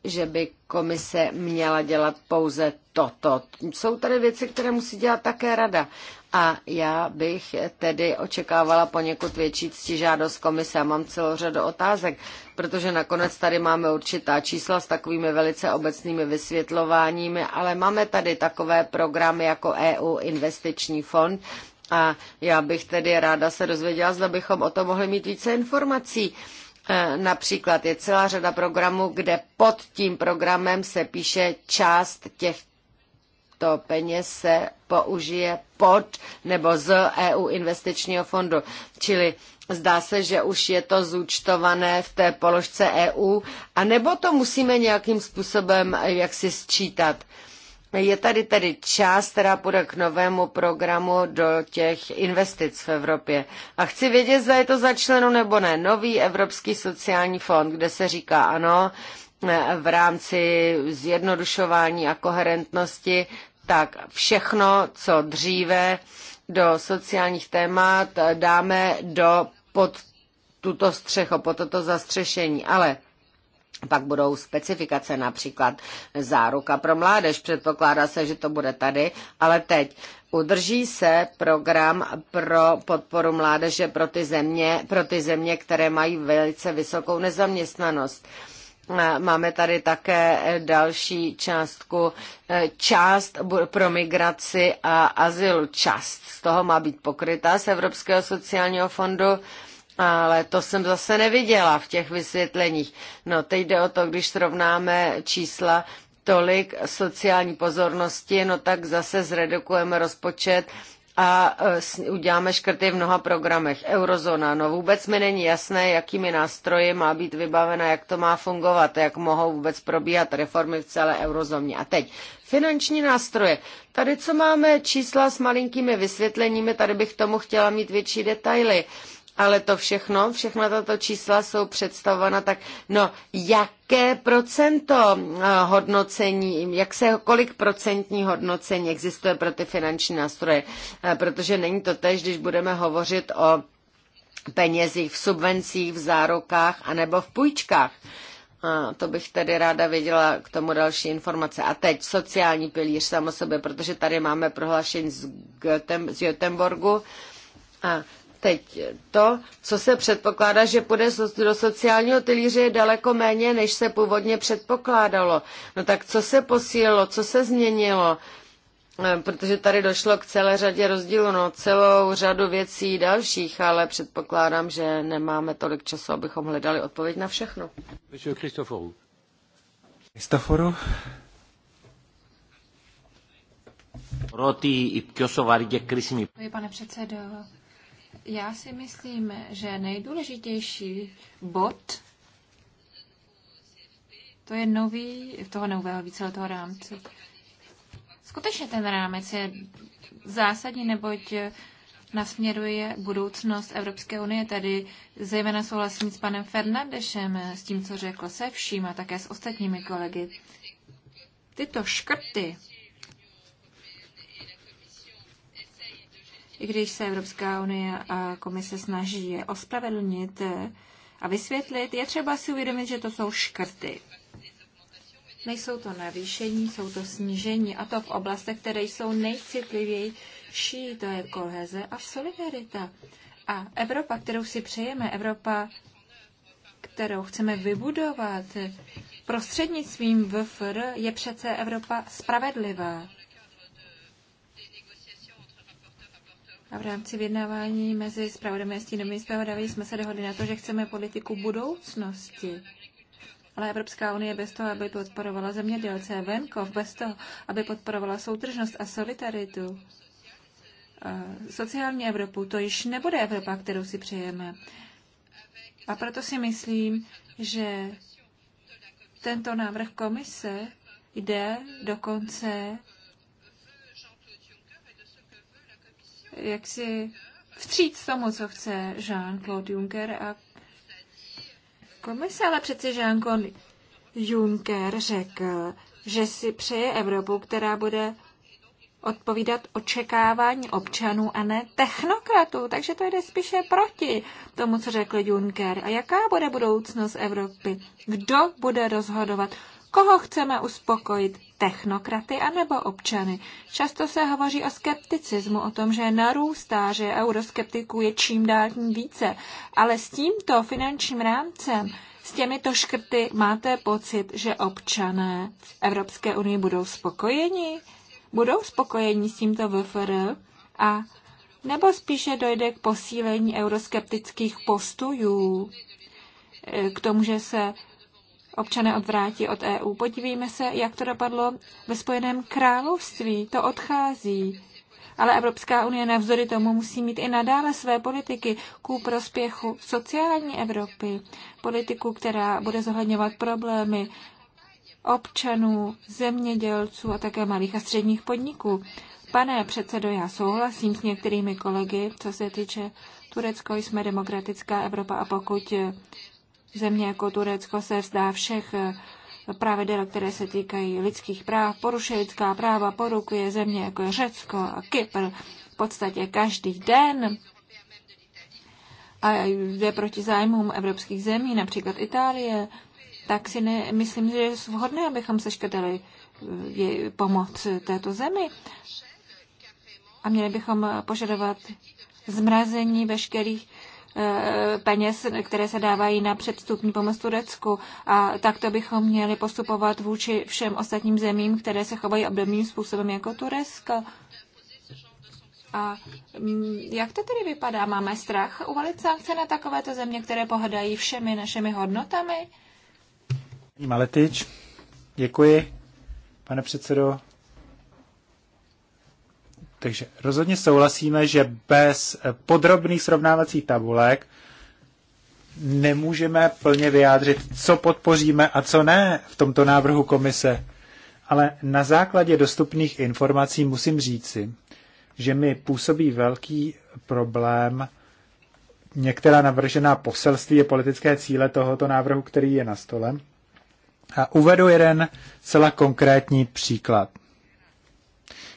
že by komise měla dělat pouze toto. Jsou tady věci, které musí dělat také rada. A já bych tedy očekávala poněkud větší ctižádost komise. Já mám celou řadu otázek, protože nakonec tady máme určitá čísla s takovými velice obecnými vysvětlováními, ale máme tady takové programy jako EU investiční fond, a já bych tedy ráda se dozvěděla, zda bychom o tom mohli mít více informací. E, například je celá řada programů, kde pod tím programem se píše část těchto peněz se použije pod nebo z EU investičního fondu. Čili zdá se, že už je to zúčtované v té položce EU, anebo to musíme nějakým způsobem eh, jaksi sčítat. Je tady tedy část, která půjde k novému programu do těch investic v Evropě. A chci vědět, zda je to začleno nebo ne. Nový Evropský sociální fond, kde se říká ano, v rámci zjednodušování a koherentnosti, tak všechno, co dříve do sociálních témat dáme do pod tuto střecho, pod toto zastřešení. Ale pak budou specifikace, například záruka pro mládež. Předpokládá se, že to bude tady, ale teď udrží se program pro podporu mládeže pro ty země, pro ty země které mají velice vysokou nezaměstnanost. Máme tady také další částku, e, část pro migraci a azyl. Část z toho má být pokrytá z Evropského sociálního fondu. Ale to jsem zase neviděla v těch vysvětleních. No teď jde o to, když srovnáme čísla, tolik sociální pozornosti, no tak zase zredukujeme rozpočet a e, uděláme škrty v mnoha programech. Eurozona, no vůbec mi není jasné, jakými nástroji má být vybavena, jak to má fungovat, jak mohou vůbec probíhat reformy v celé eurozóně. A teď finanční nástroje. Tady, co máme čísla s malinkými vysvětleními, tady bych tomu chtěla mít větší detaily. Ale to všechno, všechno tato čísla jsou představována tak, no jaké procento eh, hodnocení, jak se, kolik procentní hodnocení existuje pro ty finanční nástroje, eh, protože není to tež, když budeme hovořit o penězích v subvencích, v zárukách anebo v půjčkách. A eh, to bych tedy ráda věděla k tomu další informace. A teď sociální pilíř samo sobě, protože tady máme prohlášení z, Götem, z Göteborgu. A teď to, co se předpokládá, že půjde do sociálního pilíře, je daleko méně, než se původně předpokládalo. No tak co se posílilo, co se změnilo? Eh, protože tady došlo k celé řadě rozdílů, no celou řadu věcí dalších, ale předpokládám, že nemáme tolik času, abychom hledali odpověď na všechno. Kristoforu. Kristoforu. Pane předsedo, já si myslím, že nejdůležitější bod to je nový, toho nového víceletého rámce. Skutečně ten rámec je zásadní, neboť nasměruje budoucnost Evropské unie. Tedy zejména souhlasím s panem Fernandešem, s tím, co řekl se vším a také s ostatními kolegy. Tyto škrty i když se Evropská unie a komise snaží je ospravedlnit a vysvětlit, je třeba si uvědomit, že to jsou škrty. Nejsou to navýšení, jsou to snížení, a to v oblastech, které jsou nejcitlivější, to je koheze a solidarita. A Evropa, kterou si přejeme, Evropa, kterou chceme vybudovat prostřednictvím VFR, je přece Evropa spravedlivá. A v rámci vědnávání mezi zpravodami a stínovými zpravodaji jsme se dohodli na to, že chceme politiku budoucnosti. Ale Evropská unie bez toho, aby podporovala zemědělce, venkov, bez toho, aby podporovala soudržnost a solidaritu, a sociální Evropu, to již nebude Evropa, kterou si přejeme. A proto si myslím, že tento návrh komise jde dokonce jaksi vstříc tomu, co chce Jean-Claude Juncker a komise, ale přeci Jean-Claude Juncker řekl, že si přeje Evropu, která bude odpovídat očekávání občanů a ne technokratů. Takže to jde spíše proti tomu, co řekl Juncker. A jaká bude budoucnost Evropy? Kdo bude rozhodovat? Koho chceme uspokojit? technokraty anebo občany. Často se hovoří o skepticismu, o tom, že narůstá, že euroskeptiků je čím dál tím více. Ale s tímto finančním rámcem, s těmito škrty máte pocit, že občané v Evropské unii budou spokojeni? Budou spokojeni s tímto VFR? A nebo spíše dojde k posílení euroskeptických postojů? Eh, k tomu, že se občané odvrátí od EU. Podívejme se, jak to dopadlo ve Spojeném království. To odchází. Ale Evropská unie navzdory tomu musí mít i nadále své politiky ku prospěchu sociální Evropy. Politiku, která bude zohledňovat problémy občanů, zemědělců a také malých a středních podniků. Pane předsedo, já souhlasím s některými kolegy, co se týče Turecko, jsme demokratická Evropa a pokud země jako Turecko se vzdá všech eh, pravidel, které se týkají lidských práv, porušuje lidská práva, porukuje země jako je Řecko a Kypr v podstatě každý den a jde proti zájmům evropských zemí, například Itálie, tak si ne, myslím, že je vhodné, abychom se škodili eh, pomoc této zemi. A měli bychom požadovat zmrazení veškerých Eh, peněz, které se dávají na předstupní pomoc Turecku. A takto bychom měli postupovat vůči všem ostatním zemím, které se chovají obdobným způsobem jako Turecko. A mm, jak to tedy vypadá? Máme strach uvalit sankce na takovéto země, které pohodají všemi našimi hodnotami? Maletič, děkuji. Pane předsedo, takže rozhodně souhlasíme, že bez eh, podrobných srovnávacích tabulek nemůžeme plně vyjádřit, co podpoříme a co ne v tomto návrhu komise. Ale na základě dostupných informací musím říci, že mi působí velký problém některá navržená poselství a politické cíle tohoto návrhu, který je na stole. A uvedu jeden celá konkrétní příklad.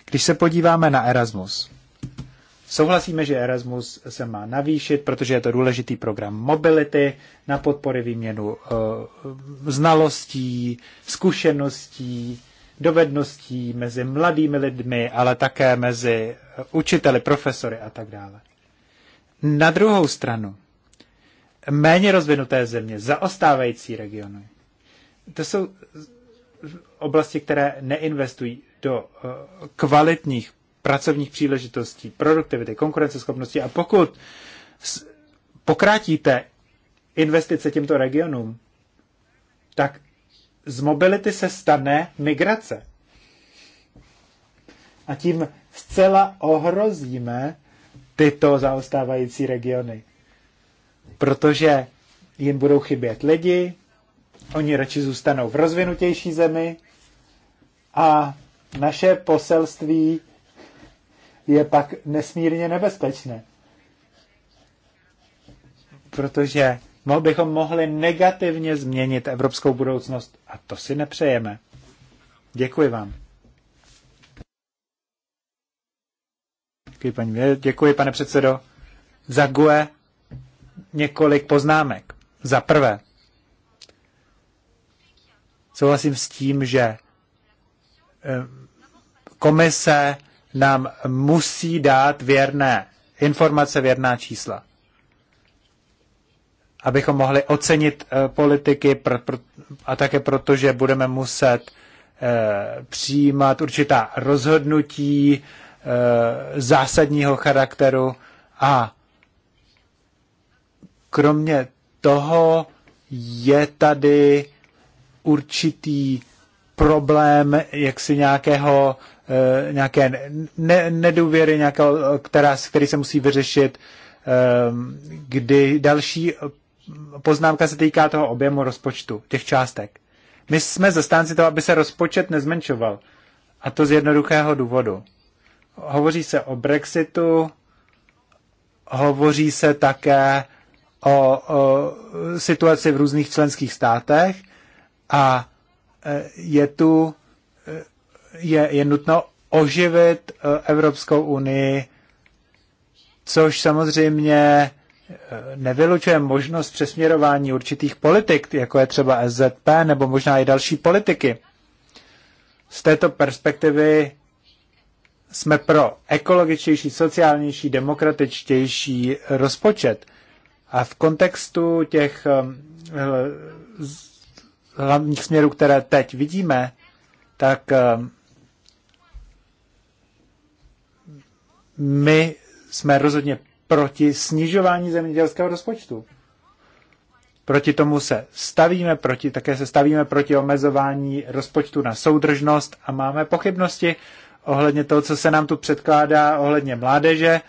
Když se podíváme na Erasmus, souhlasíme, že Erasmus se má navýšit, protože je to důležitý program mobility na podpory výměnu eh, znalostí, zkušeností, dovedností mezi mladými lidmi, ale také mezi eh, učiteli, profesory a tak dále. Na druhou stranu, méně rozvinuté země, zaostávající regiony, to jsou oblasti, které neinvestují do eh, kvalitních pracovních příležitostí, produktivity, konkurenceschopnosti a pokud pokrátíte investice těmto regionům, tak z mobility se stane migrace. A tím zcela ohrozíme tyto zaostávající regiony. Protože jim budou chybět lidi, oni radši zůstanou v rozvinutější zemi a naše poselství je pak nesmírně nebezpečné. Protože bychom mohli negativně změnit evropskou budoucnost a to si nepřejeme. Děkuji vám. Děkuji, paní, děkuji pane předsedo. Za GUE několik poznámek. Za prvé, souhlasím s tím, že Eh, komise nám musí dát věrné informace, věrná čísla. Abychom mohli ocenit eh, politiky a také proto, že budeme muset eh, přijímat určitá rozhodnutí zásadního charakteru a kromě toho je tady určitý problém jaksi nějakého, eh, nějaké ne, nedůvěry, nějakého, která, který se musí vyřešit, ehm, kdy další poznámka se týká toho objemu rozpočtu, těch částek. My jsme zastánci toho, aby se rozpočet nezmenšoval. A to z jednoduchého důvodu. Hovoří se o Brexitu, hovoří se také o, o situaci v různých členských státech a Eh, je tu, eh, je, je nutno oživit eh, Evropskou unii, což samozřejmě nevylučuje možnost přesměrování určitých politik, jako je třeba SZP nebo možná i další politiky. Z této perspektivy jsme pro ekologičtější, sociálnější, demokratičtější rozpočet. A v kontextu těch hlavních směrů, které teď vidíme, tak eh, my jsme rozhodně proti snižování zemědělského rozpočtu. Proti tomu se stavíme, proti, také se stavíme proti omezování rozpočtu na soudržnost a máme pochybnosti ohledně toho, co se nám tu předkládá ohledně mládeže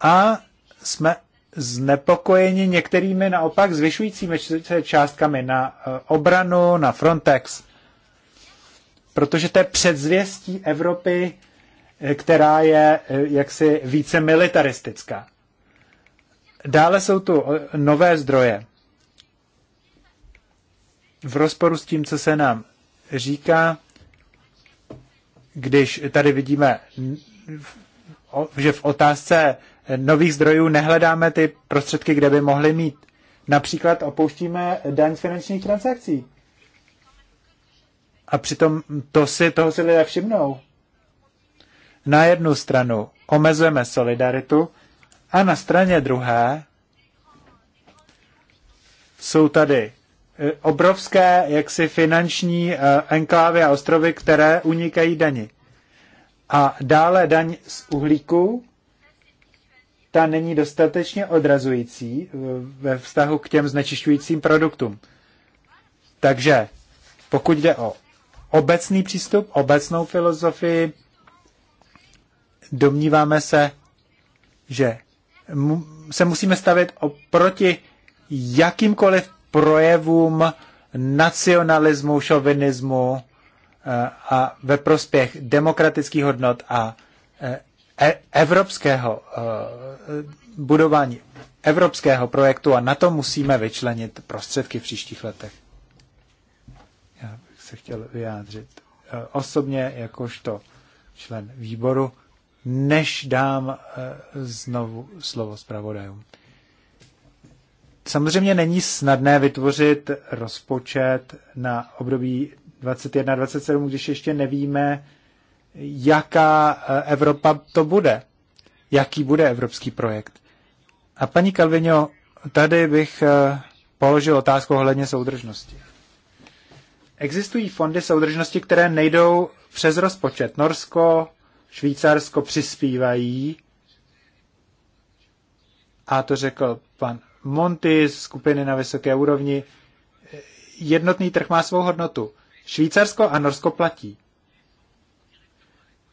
a jsme znepokojeni některými naopak zvyšujícími částkami na eh, obranu, na Frontex, protože to je předzvěstí Evropy, eh, která je eh, jaksi více militaristická. Dále jsou tu nové zdroje. V rozporu s tím, co se nám říká, když tady vidíme, že v otázce nových zdrojů, nehledáme ty prostředky, kde by mohly mít. Například opouštíme daň z finančních transakcí. A přitom to si, toho si lidé všimnou. Na jednu stranu omezujeme solidaritu a na straně druhé jsou tady e, obrovské jaksi finanční e, enklávy a ostrovy, které unikají dani. A dále daň z uhlíku, ta není dostatečně odrazující eh, ve vztahu k těm znečišťujícím produktům. Takže pokud jde o obecný přístup, obecnou filozofii, domníváme se, že se musíme stavit oproti jakýmkoliv projevům nacionalismu, šovinismu eh, a ve prospěch demokratických hodnot a eh, E, evropského e, budování evropského projektu a na to musíme vyčlenit prostředky v příštích letech. Já bych se chtěl vyjádřit e, osobně jakožto člen výboru, než dám znovu slovo zpravodajům. Samozřejmě není snadné vytvořit rozpočet na období 21-27, když ještě nevíme, jaká eh, Evropa to bude, jaký bude evropský projekt. A paní Kalvino, tady bych eh, položil otázku ohledně soudržnosti. Existují fondy soudržnosti, které nejdou přes rozpočet. Norsko, Švýcarsko přispívají. A to řekl pan Monty z skupiny na vysoké úrovni. Jednotný trh má svou hodnotu. Švýcarsko a Norsko platí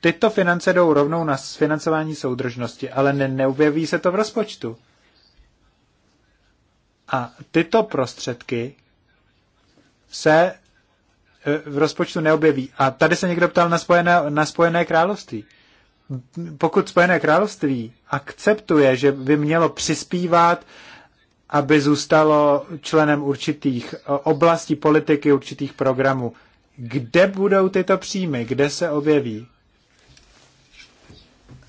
tyto finance jdou rovnou na financování soudržnosti, ale ne, neobjeví se to v rozpočtu. A tyto prostředky se e, v rozpočtu neobjeví. A tady se někdo ptal na Spojené, na spojené království. Pokud Spojené království akceptuje, že by mělo přispívat, aby zůstalo členem určitých e, oblastí politiky, určitých programů, kde budou tyto příjmy, kde se objeví?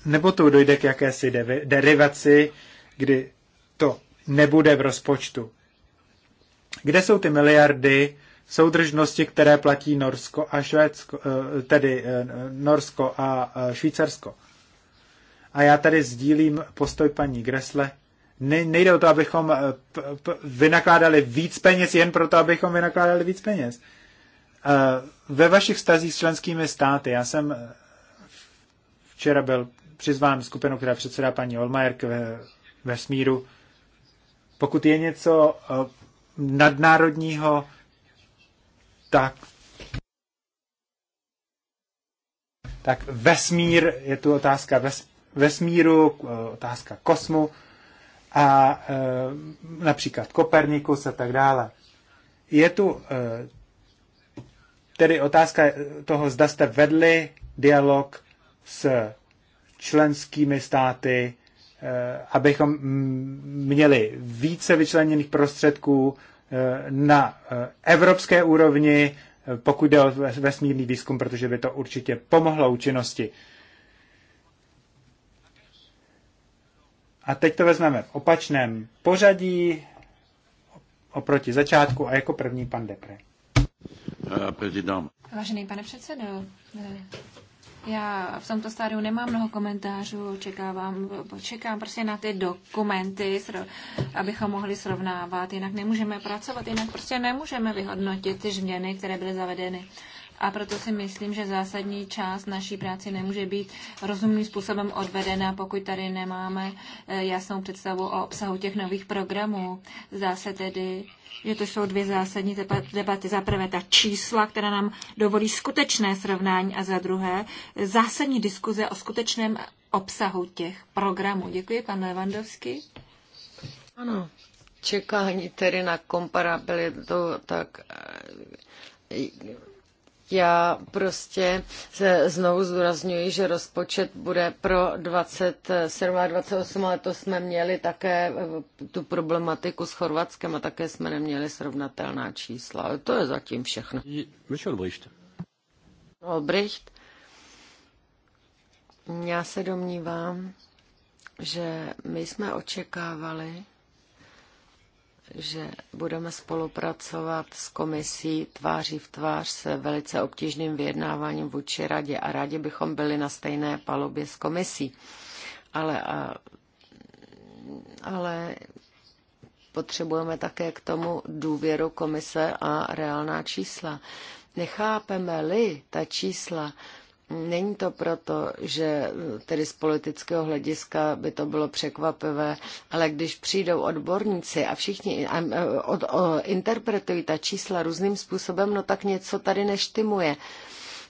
nebo to dojde k jakési derivaci, kdy to nebude v rozpočtu. Kde jsou ty miliardy soudržnosti, které platí Norsko a Švédsko, eh, tedy eh, Norsko a eh, Švýcarsko? A já tady sdílím postoj paní Gresle. Ne, nejde o to, abychom vynakládali víc peněz jen proto, abychom vynakládali víc peněz. Ve vašich stazích s členskými státy, já jsem včera byl přizvám skupinu, která předsedá paní Olmajer k ve, vesmíru. Pokud je něco eh, nadnárodního, tak tak vesmír, je tu otázka ves, vesmíru, eh, otázka kosmu a e, například Kopernikus a tak dále. Je tu e, tedy otázka toho, zda jste vedli dialog s členskými státy, eh, abychom měli více vyčleněných prostředků eh, na eh, evropské úrovni, pokud jde o vesmírný výzkum, protože by to určitě pomohlo účinnosti. A teď to vezmeme v opačném pořadí oproti začátku a jako první pan Depre. Vážený pane předsedo, já v tomto stádiu nemám mnoho komentářů, čekávám, čekám prostě na ty dokumenty, abychom mohli srovnávat, jinak nemůžeme pracovat, jinak prostě nemůžeme vyhodnotit ty změny, které byly zavedeny a proto si myslím, že zásadní část naší práce nemůže být rozumným způsobem odvedena, pokud tady nemáme eh, jasnou představu o obsahu těch nových programů. Zase tedy, že to jsou dvě zásadní debaty. Za prvé ta čísla, která nám dovolí skutečné srovnání a za druhé zásadní diskuze o skutečném obsahu těch programů. Děkuji, pan Levandovský. Ano, čekání tedy na komparabilitu, tak eh, já prostě se znovu zdůrazňuji, že rozpočet bude pro 27 a 28, ale to jsme měli také eh, tu problematiku s Chorvatskem a také jsme neměli srovnatelná čísla. To je zatím všechno. Olbricht. Olbricht. Já se domnívám, že my jsme očekávali, že budeme spolupracovat s komisí tváří v tvář se velice obtížným vyjednáváním vůči radě a rádi bychom byli na stejné palubě s komisí. Ale, a, ale potřebujeme také k tomu důvěru komise a reálná čísla. Nechápeme-li ta čísla, Není to proto, že eh, tedy z politického hlediska by to bylo překvapivé, ale když přijdou odborníci a všichni a, eh, a, eh, interpretují ta čísla různým způsobem, no tak něco tady neštimuje.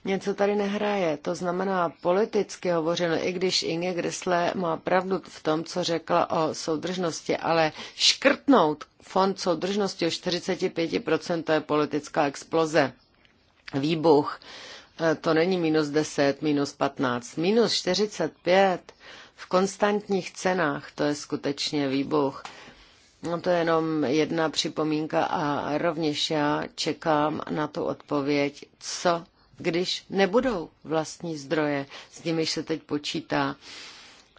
Něco tady nehraje. To znamená, politicky hovořeno, i když Inge Gressle má pravdu v tom, co řekla o soudržnosti, ale škrtnout fond soudržnosti o 45%, to je politická exploze, výbuch. Eh, to není minus 10, minus 15, minus 45 v konstantních cenách, to je skutečně výbuch. No to je jenom jedna připomínka a rovněž já čekám na tu odpověď, co když nebudou vlastní zdroje, s nimiž se teď počítá.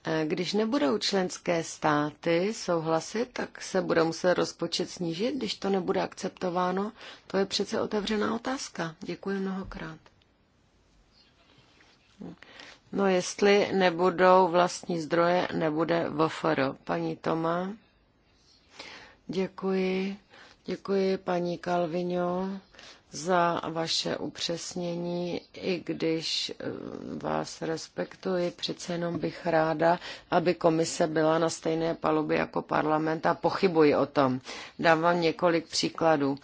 Eh, když nebudou členské státy souhlasit, tak se bude muset rozpočet snížit, když to nebude akceptováno. To je přece otevřená otázka. Děkuji mnohokrát. No jestli nebudou vlastní zdroje, nebude VFR. Paní Toma. Děkuji. Děkuji paní Kalvino za vaše upřesnění, i když eh, vás respektuji, přece jenom bych ráda, aby komise byla na stejné palubě jako parlament a pochybuji o tom. Dám vám několik příkladů.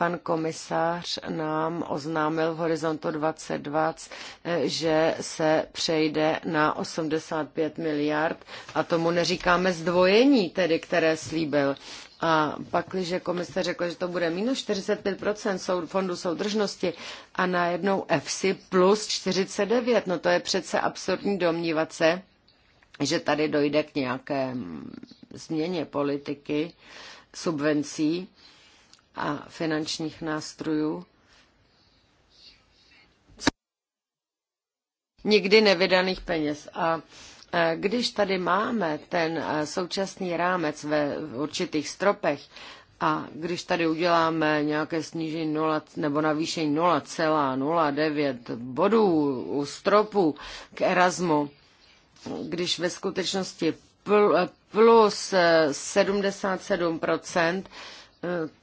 Pan komisář nám oznámil v horizontu 2020, eh, že se přejde na 85 miliard a tomu neříkáme zdvojení, tedy které slíbil. A pak, když komise řekla, že to bude minus 45% fondu soudržnosti a najednou EFSI plus 49, no to je přece absurdní domnívat se, že tady dojde k nějaké změně politiky subvencí a finančních nástrojů, nikdy nevydaných peněz. A e, když tady máme ten e, současný rámec ve určitých stropech a když tady uděláme nějaké snížení 0, nebo navýšení 0,09 bodů u stropu k Erasmu, když ve skutečnosti plus 77%, e,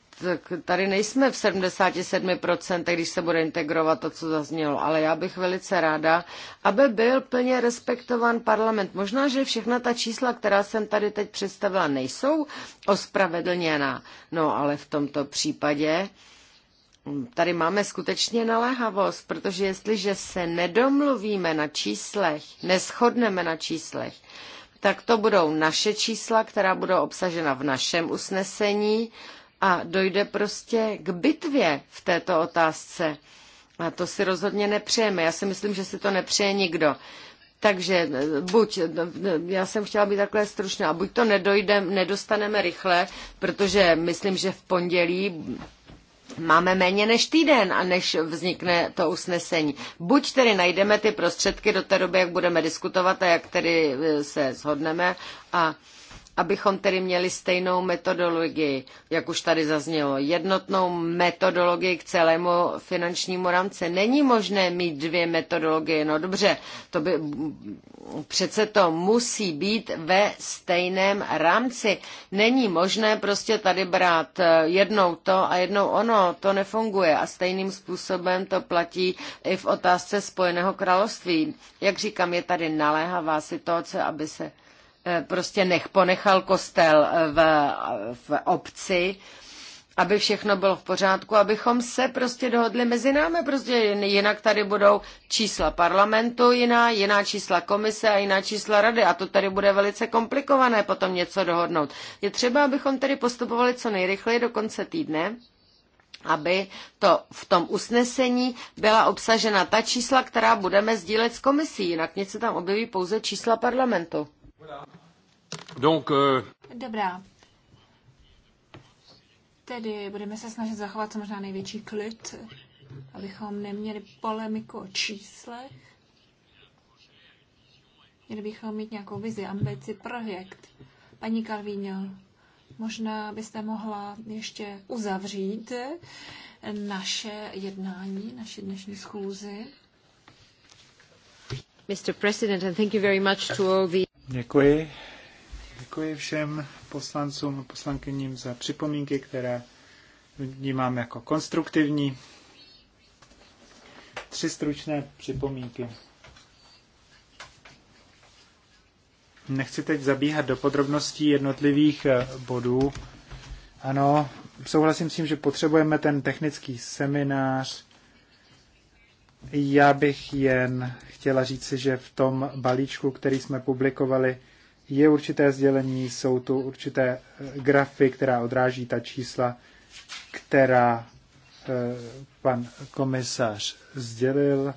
tady nejsme v 77%, když se bude integrovat to, co zaznělo, ale já bych velice ráda, aby byl plně respektován parlament. Možná, že všechna ta čísla, která jsem tady teď představila, nejsou ospravedlněná. No, ale v tomto případě tady máme skutečně naléhavost, protože jestliže se nedomluvíme na číslech, neschodneme na číslech, tak to budou naše čísla, která budou obsažena v našem usnesení, a dojde prostě k bitvě v této otázce. A to si rozhodně nepřejeme. Já si myslím, že si to nepřeje nikdo. Takže eh, buď, eh, eh, já jsem chtěla být takhle stručná, buď to nedojde, nedostaneme rychle, protože myslím, že v pondělí máme méně než týden a než vznikne to usnesení. Buď tedy najdeme ty prostředky do té doby, jak budeme diskutovat a jak tedy se shodneme a abychom tedy měli stejnou metodologii, jak už tady zaznělo, jednotnou metodologii k celému finančnímu rámci. Není možné mít dvě metodologie, no dobře, to by, přece to musí být ve stejném rámci. Není možné prostě tady brát eh, jednou to a jednou ono, to nefunguje a stejným způsobem to platí i v otázce Spojeného království. Jak říkám, je tady naléhavá situace, aby se prostě nech ponechal kostel v, v obci, aby všechno bylo v pořádku, abychom se prostě dohodli mezi námi, prostě jinak tady budou čísla parlamentu jiná, jiná čísla komise a jiná čísla rady a to tady bude velice komplikované potom něco dohodnout. Je třeba, abychom tady postupovali co nejrychleji do konce týdne, aby to v tom usnesení byla obsažena ta čísla, která budeme sdílet s komisí, jinak něco tam objeví pouze čísla parlamentu. Donc, euh... Dobrá. Tedy budeme se snažit zachovat co možná největší klid, abychom neměli polemiku o číslech. Měli bychom mít nějakou vizi, ambici, projekt. Paní Kalvíňo, možná byste mohla ještě uzavřít naše jednání, naši dnešní schůzi. Mr. President, and thank you very much to all the Děkuji. Děkuji všem poslancům a poslankyním za připomínky, které vnímám jako konstruktivní. Tři stručné připomínky. Nechci teď zabíhat do podrobností jednotlivých eh, bodů. Ano, souhlasím s tím, že potřebujeme ten technický seminář já bych jen chtěla říci, že v tom balíčku, který jsme publikovali, je určité sdělení, jsou tu určité eh, grafy, která odráží ta čísla, která eh, pan komisař sdělil,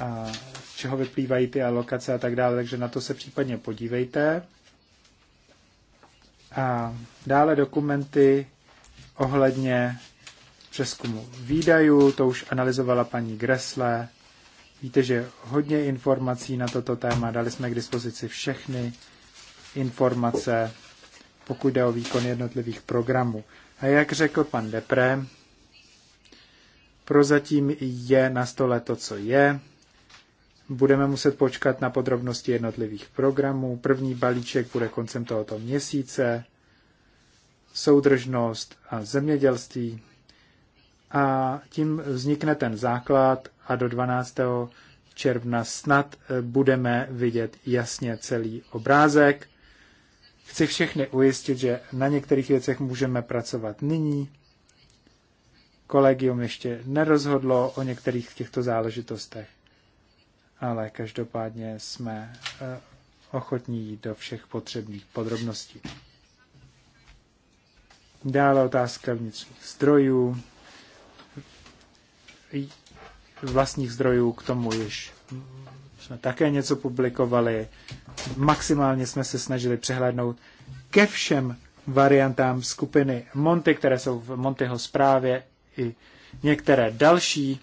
a z čeho vyplývají ty alokace a tak dále, takže na to se případně podívejte. A dále dokumenty ohledně přeskumu výdajů, to už analyzovala paní Gresle. Víte, že hodně informací na toto téma, dali jsme k dispozici všechny informace, pokud jde o výkon jednotlivých programů. A jak řekl pan Depré, prozatím je na stole to, co je. Budeme muset počkat na podrobnosti jednotlivých programů. První balíček bude koncem tohoto měsíce. Soudržnost a zemědělství a tím vznikne ten základ a do 12. června snad eh, budeme vidět jasně celý obrázek. Chci všechny ujistit, že na některých věcech můžeme pracovat nyní. Kolegium ještě nerozhodlo o některých těchto záležitostech, ale každopádně jsme eh, ochotní jít do všech potřebných podrobností. Dále otázka vnitřních zdrojů vlastních zdrojů, k tomu již jsme také něco publikovali. Maximálně jsme se snažili přehlédnout ke všem variantám skupiny Monty, které jsou v Montyho zprávě i některé další.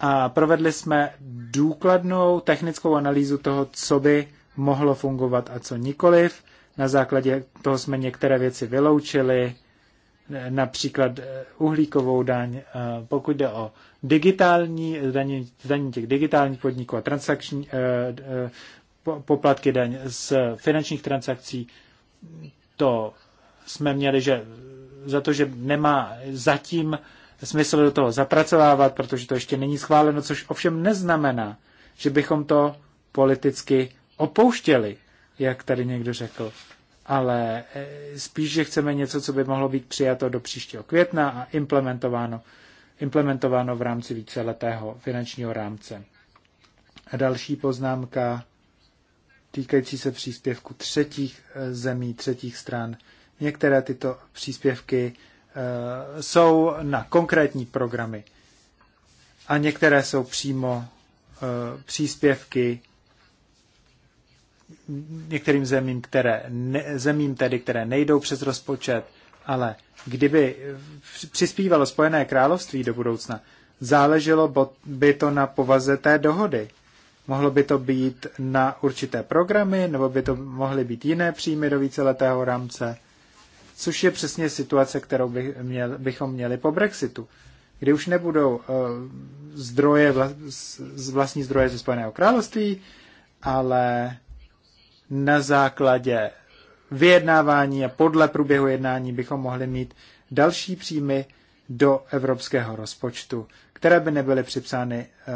A provedli jsme důkladnou technickou analýzu toho, co by mohlo fungovat a co nikoliv. Na základě toho jsme některé věci vyloučili například eh, uhlíkovou daň, eh, pokud jde o digitální daní, daní těch digitálních podniků a transakční eh, poplatky daň z finančních transakcí, to jsme měli, že za to, že nemá zatím smysl do toho zapracovávat, protože to ještě není schváleno, což ovšem neznamená, že bychom to politicky opouštěli, jak tady někdo řekl ale eh, spíše chceme něco, co by mohlo být přijato do příštího května a implementováno, implementováno v rámci víceletého finančního rámce. A další poznámka týkající se příspěvku třetích eh, zemí, třetích stran. Některé tyto příspěvky eh, jsou na konkrétní programy a některé jsou přímo příspěvky některým zemím, které ne, zemím tedy, které nejdou přes rozpočet, ale kdyby přispívalo Spojené království do budoucna, záleželo by to na povaze té dohody. Mohlo by to být na určité programy, nebo by to mohly být jiné příjmy do víceletého rámce, což je přesně situace, kterou bych měl, bychom měli po Brexitu, kdy už nebudou uh, zdroje, vla, z vlastní zdroje ze Spojeného království, ale na základě vyjednávání a podle průběhu jednání bychom mohli mít další příjmy do evropského rozpočtu, které by nebyly připsány eh,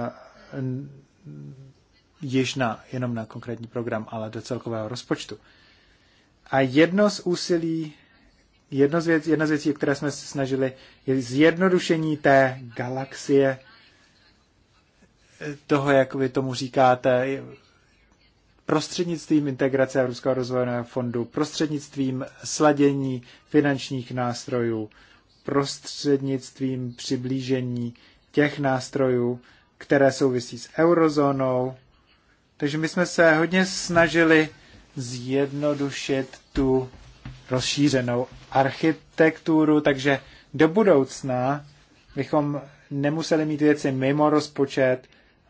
již na, jenom na konkrétní program, ale do celkového rozpočtu. A jedno z úsilí, jedno z věc, jedna z věcí, které jsme se snažili, je zjednodušení té galaxie, eh, toho, jak vy tomu říkáte, prostřednictvím integrace Evropského rozvojového fondu, prostřednictvím sladění finančních nástrojů, prostřednictvím přiblížení těch nástrojů, které souvisí s eurozónou. Takže my jsme se hodně snažili zjednodušit tu rozšířenou architekturu, takže do budoucna bychom nemuseli mít věci mimo rozpočet,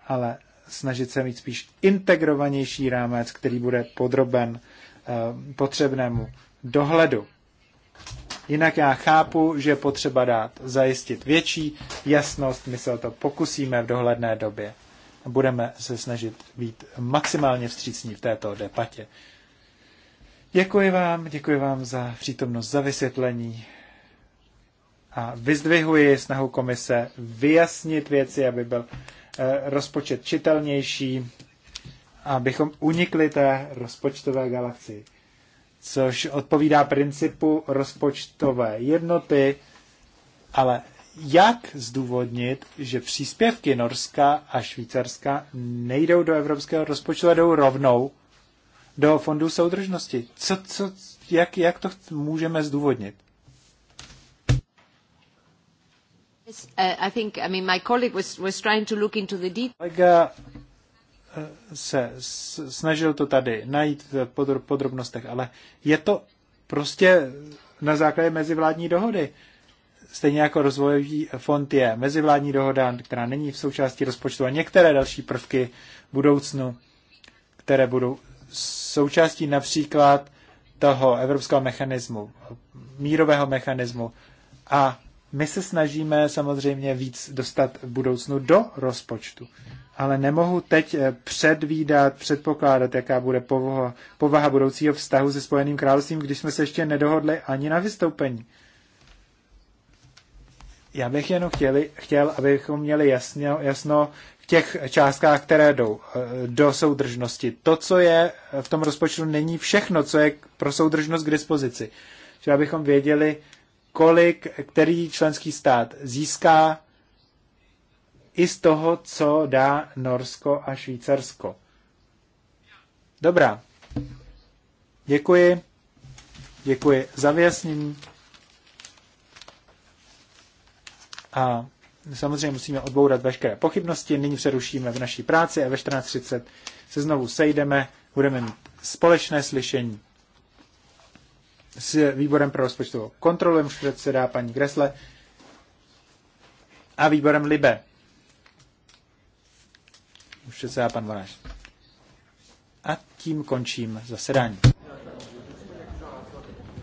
ale snažit se mít spíš integrovanější rámec, který bude podroben eh, potřebnému dohledu. Jinak já chápu, že je potřeba dát zajistit větší jasnost, my se o to pokusíme v dohledné době. Budeme se snažit být maximálně vstřícní v této debatě. Děkuji vám, děkuji vám za přítomnost, za vysvětlení a vyzdvihuji snahu komise vyjasnit věci, aby byl Eh, rozpočet čitelnější, abychom unikli té rozpočtové galaxii, což odpovídá principu rozpočtové jednoty, ale jak zdůvodnit, že příspěvky Norska a Švýcarska nejdou do evropského rozpočtu a jdou rovnou do fondů soudržnosti? Co, co, jak, jak to můžeme zdůvodnit? Uh, I think, I mean, my colleague was, was trying to look into the uh, se snažil to tady najít v podrobnostech, ale je to prostě na základě mezivládní dohody. Stejně jako rozvojový fond je mezivládní dohoda, která není v součástí rozpočtu a některé další prvky v budoucnu, které budou součástí například toho evropského mechanismu, mírového mechanismu a my se snažíme samozřejmě víc dostat v budoucnu do rozpočtu, ale nemohu teď eh, předvídat, předpokládat, jaká bude povaha, povaha budoucího vztahu se Spojeným královstvím, když jsme se ještě nedohodli ani na vystoupení. Já bych jenom chtěli, chtěl, abychom měli jasno, jasno v těch částkách, které jdou eh, do soudržnosti. To, co je v tom rozpočtu, není všechno, co je pro soudržnost k dispozici. Čili abychom věděli, kolik který členský stát získá i z toho, co dá Norsko a Švýcarsko. Dobrá. Děkuji. Děkuji za vyjasnění. A samozřejmě musíme odbourat veškeré pochybnosti. Nyní přerušíme v naší práci a ve 14.30 se znovu sejdeme. Budeme mít společné slyšení s výborem pro rozpočtovou kontrolu, jemuž předsedá paní Gresle, a výborem Libe. Už předsedá pan Vonáš. A tím končím zasedání.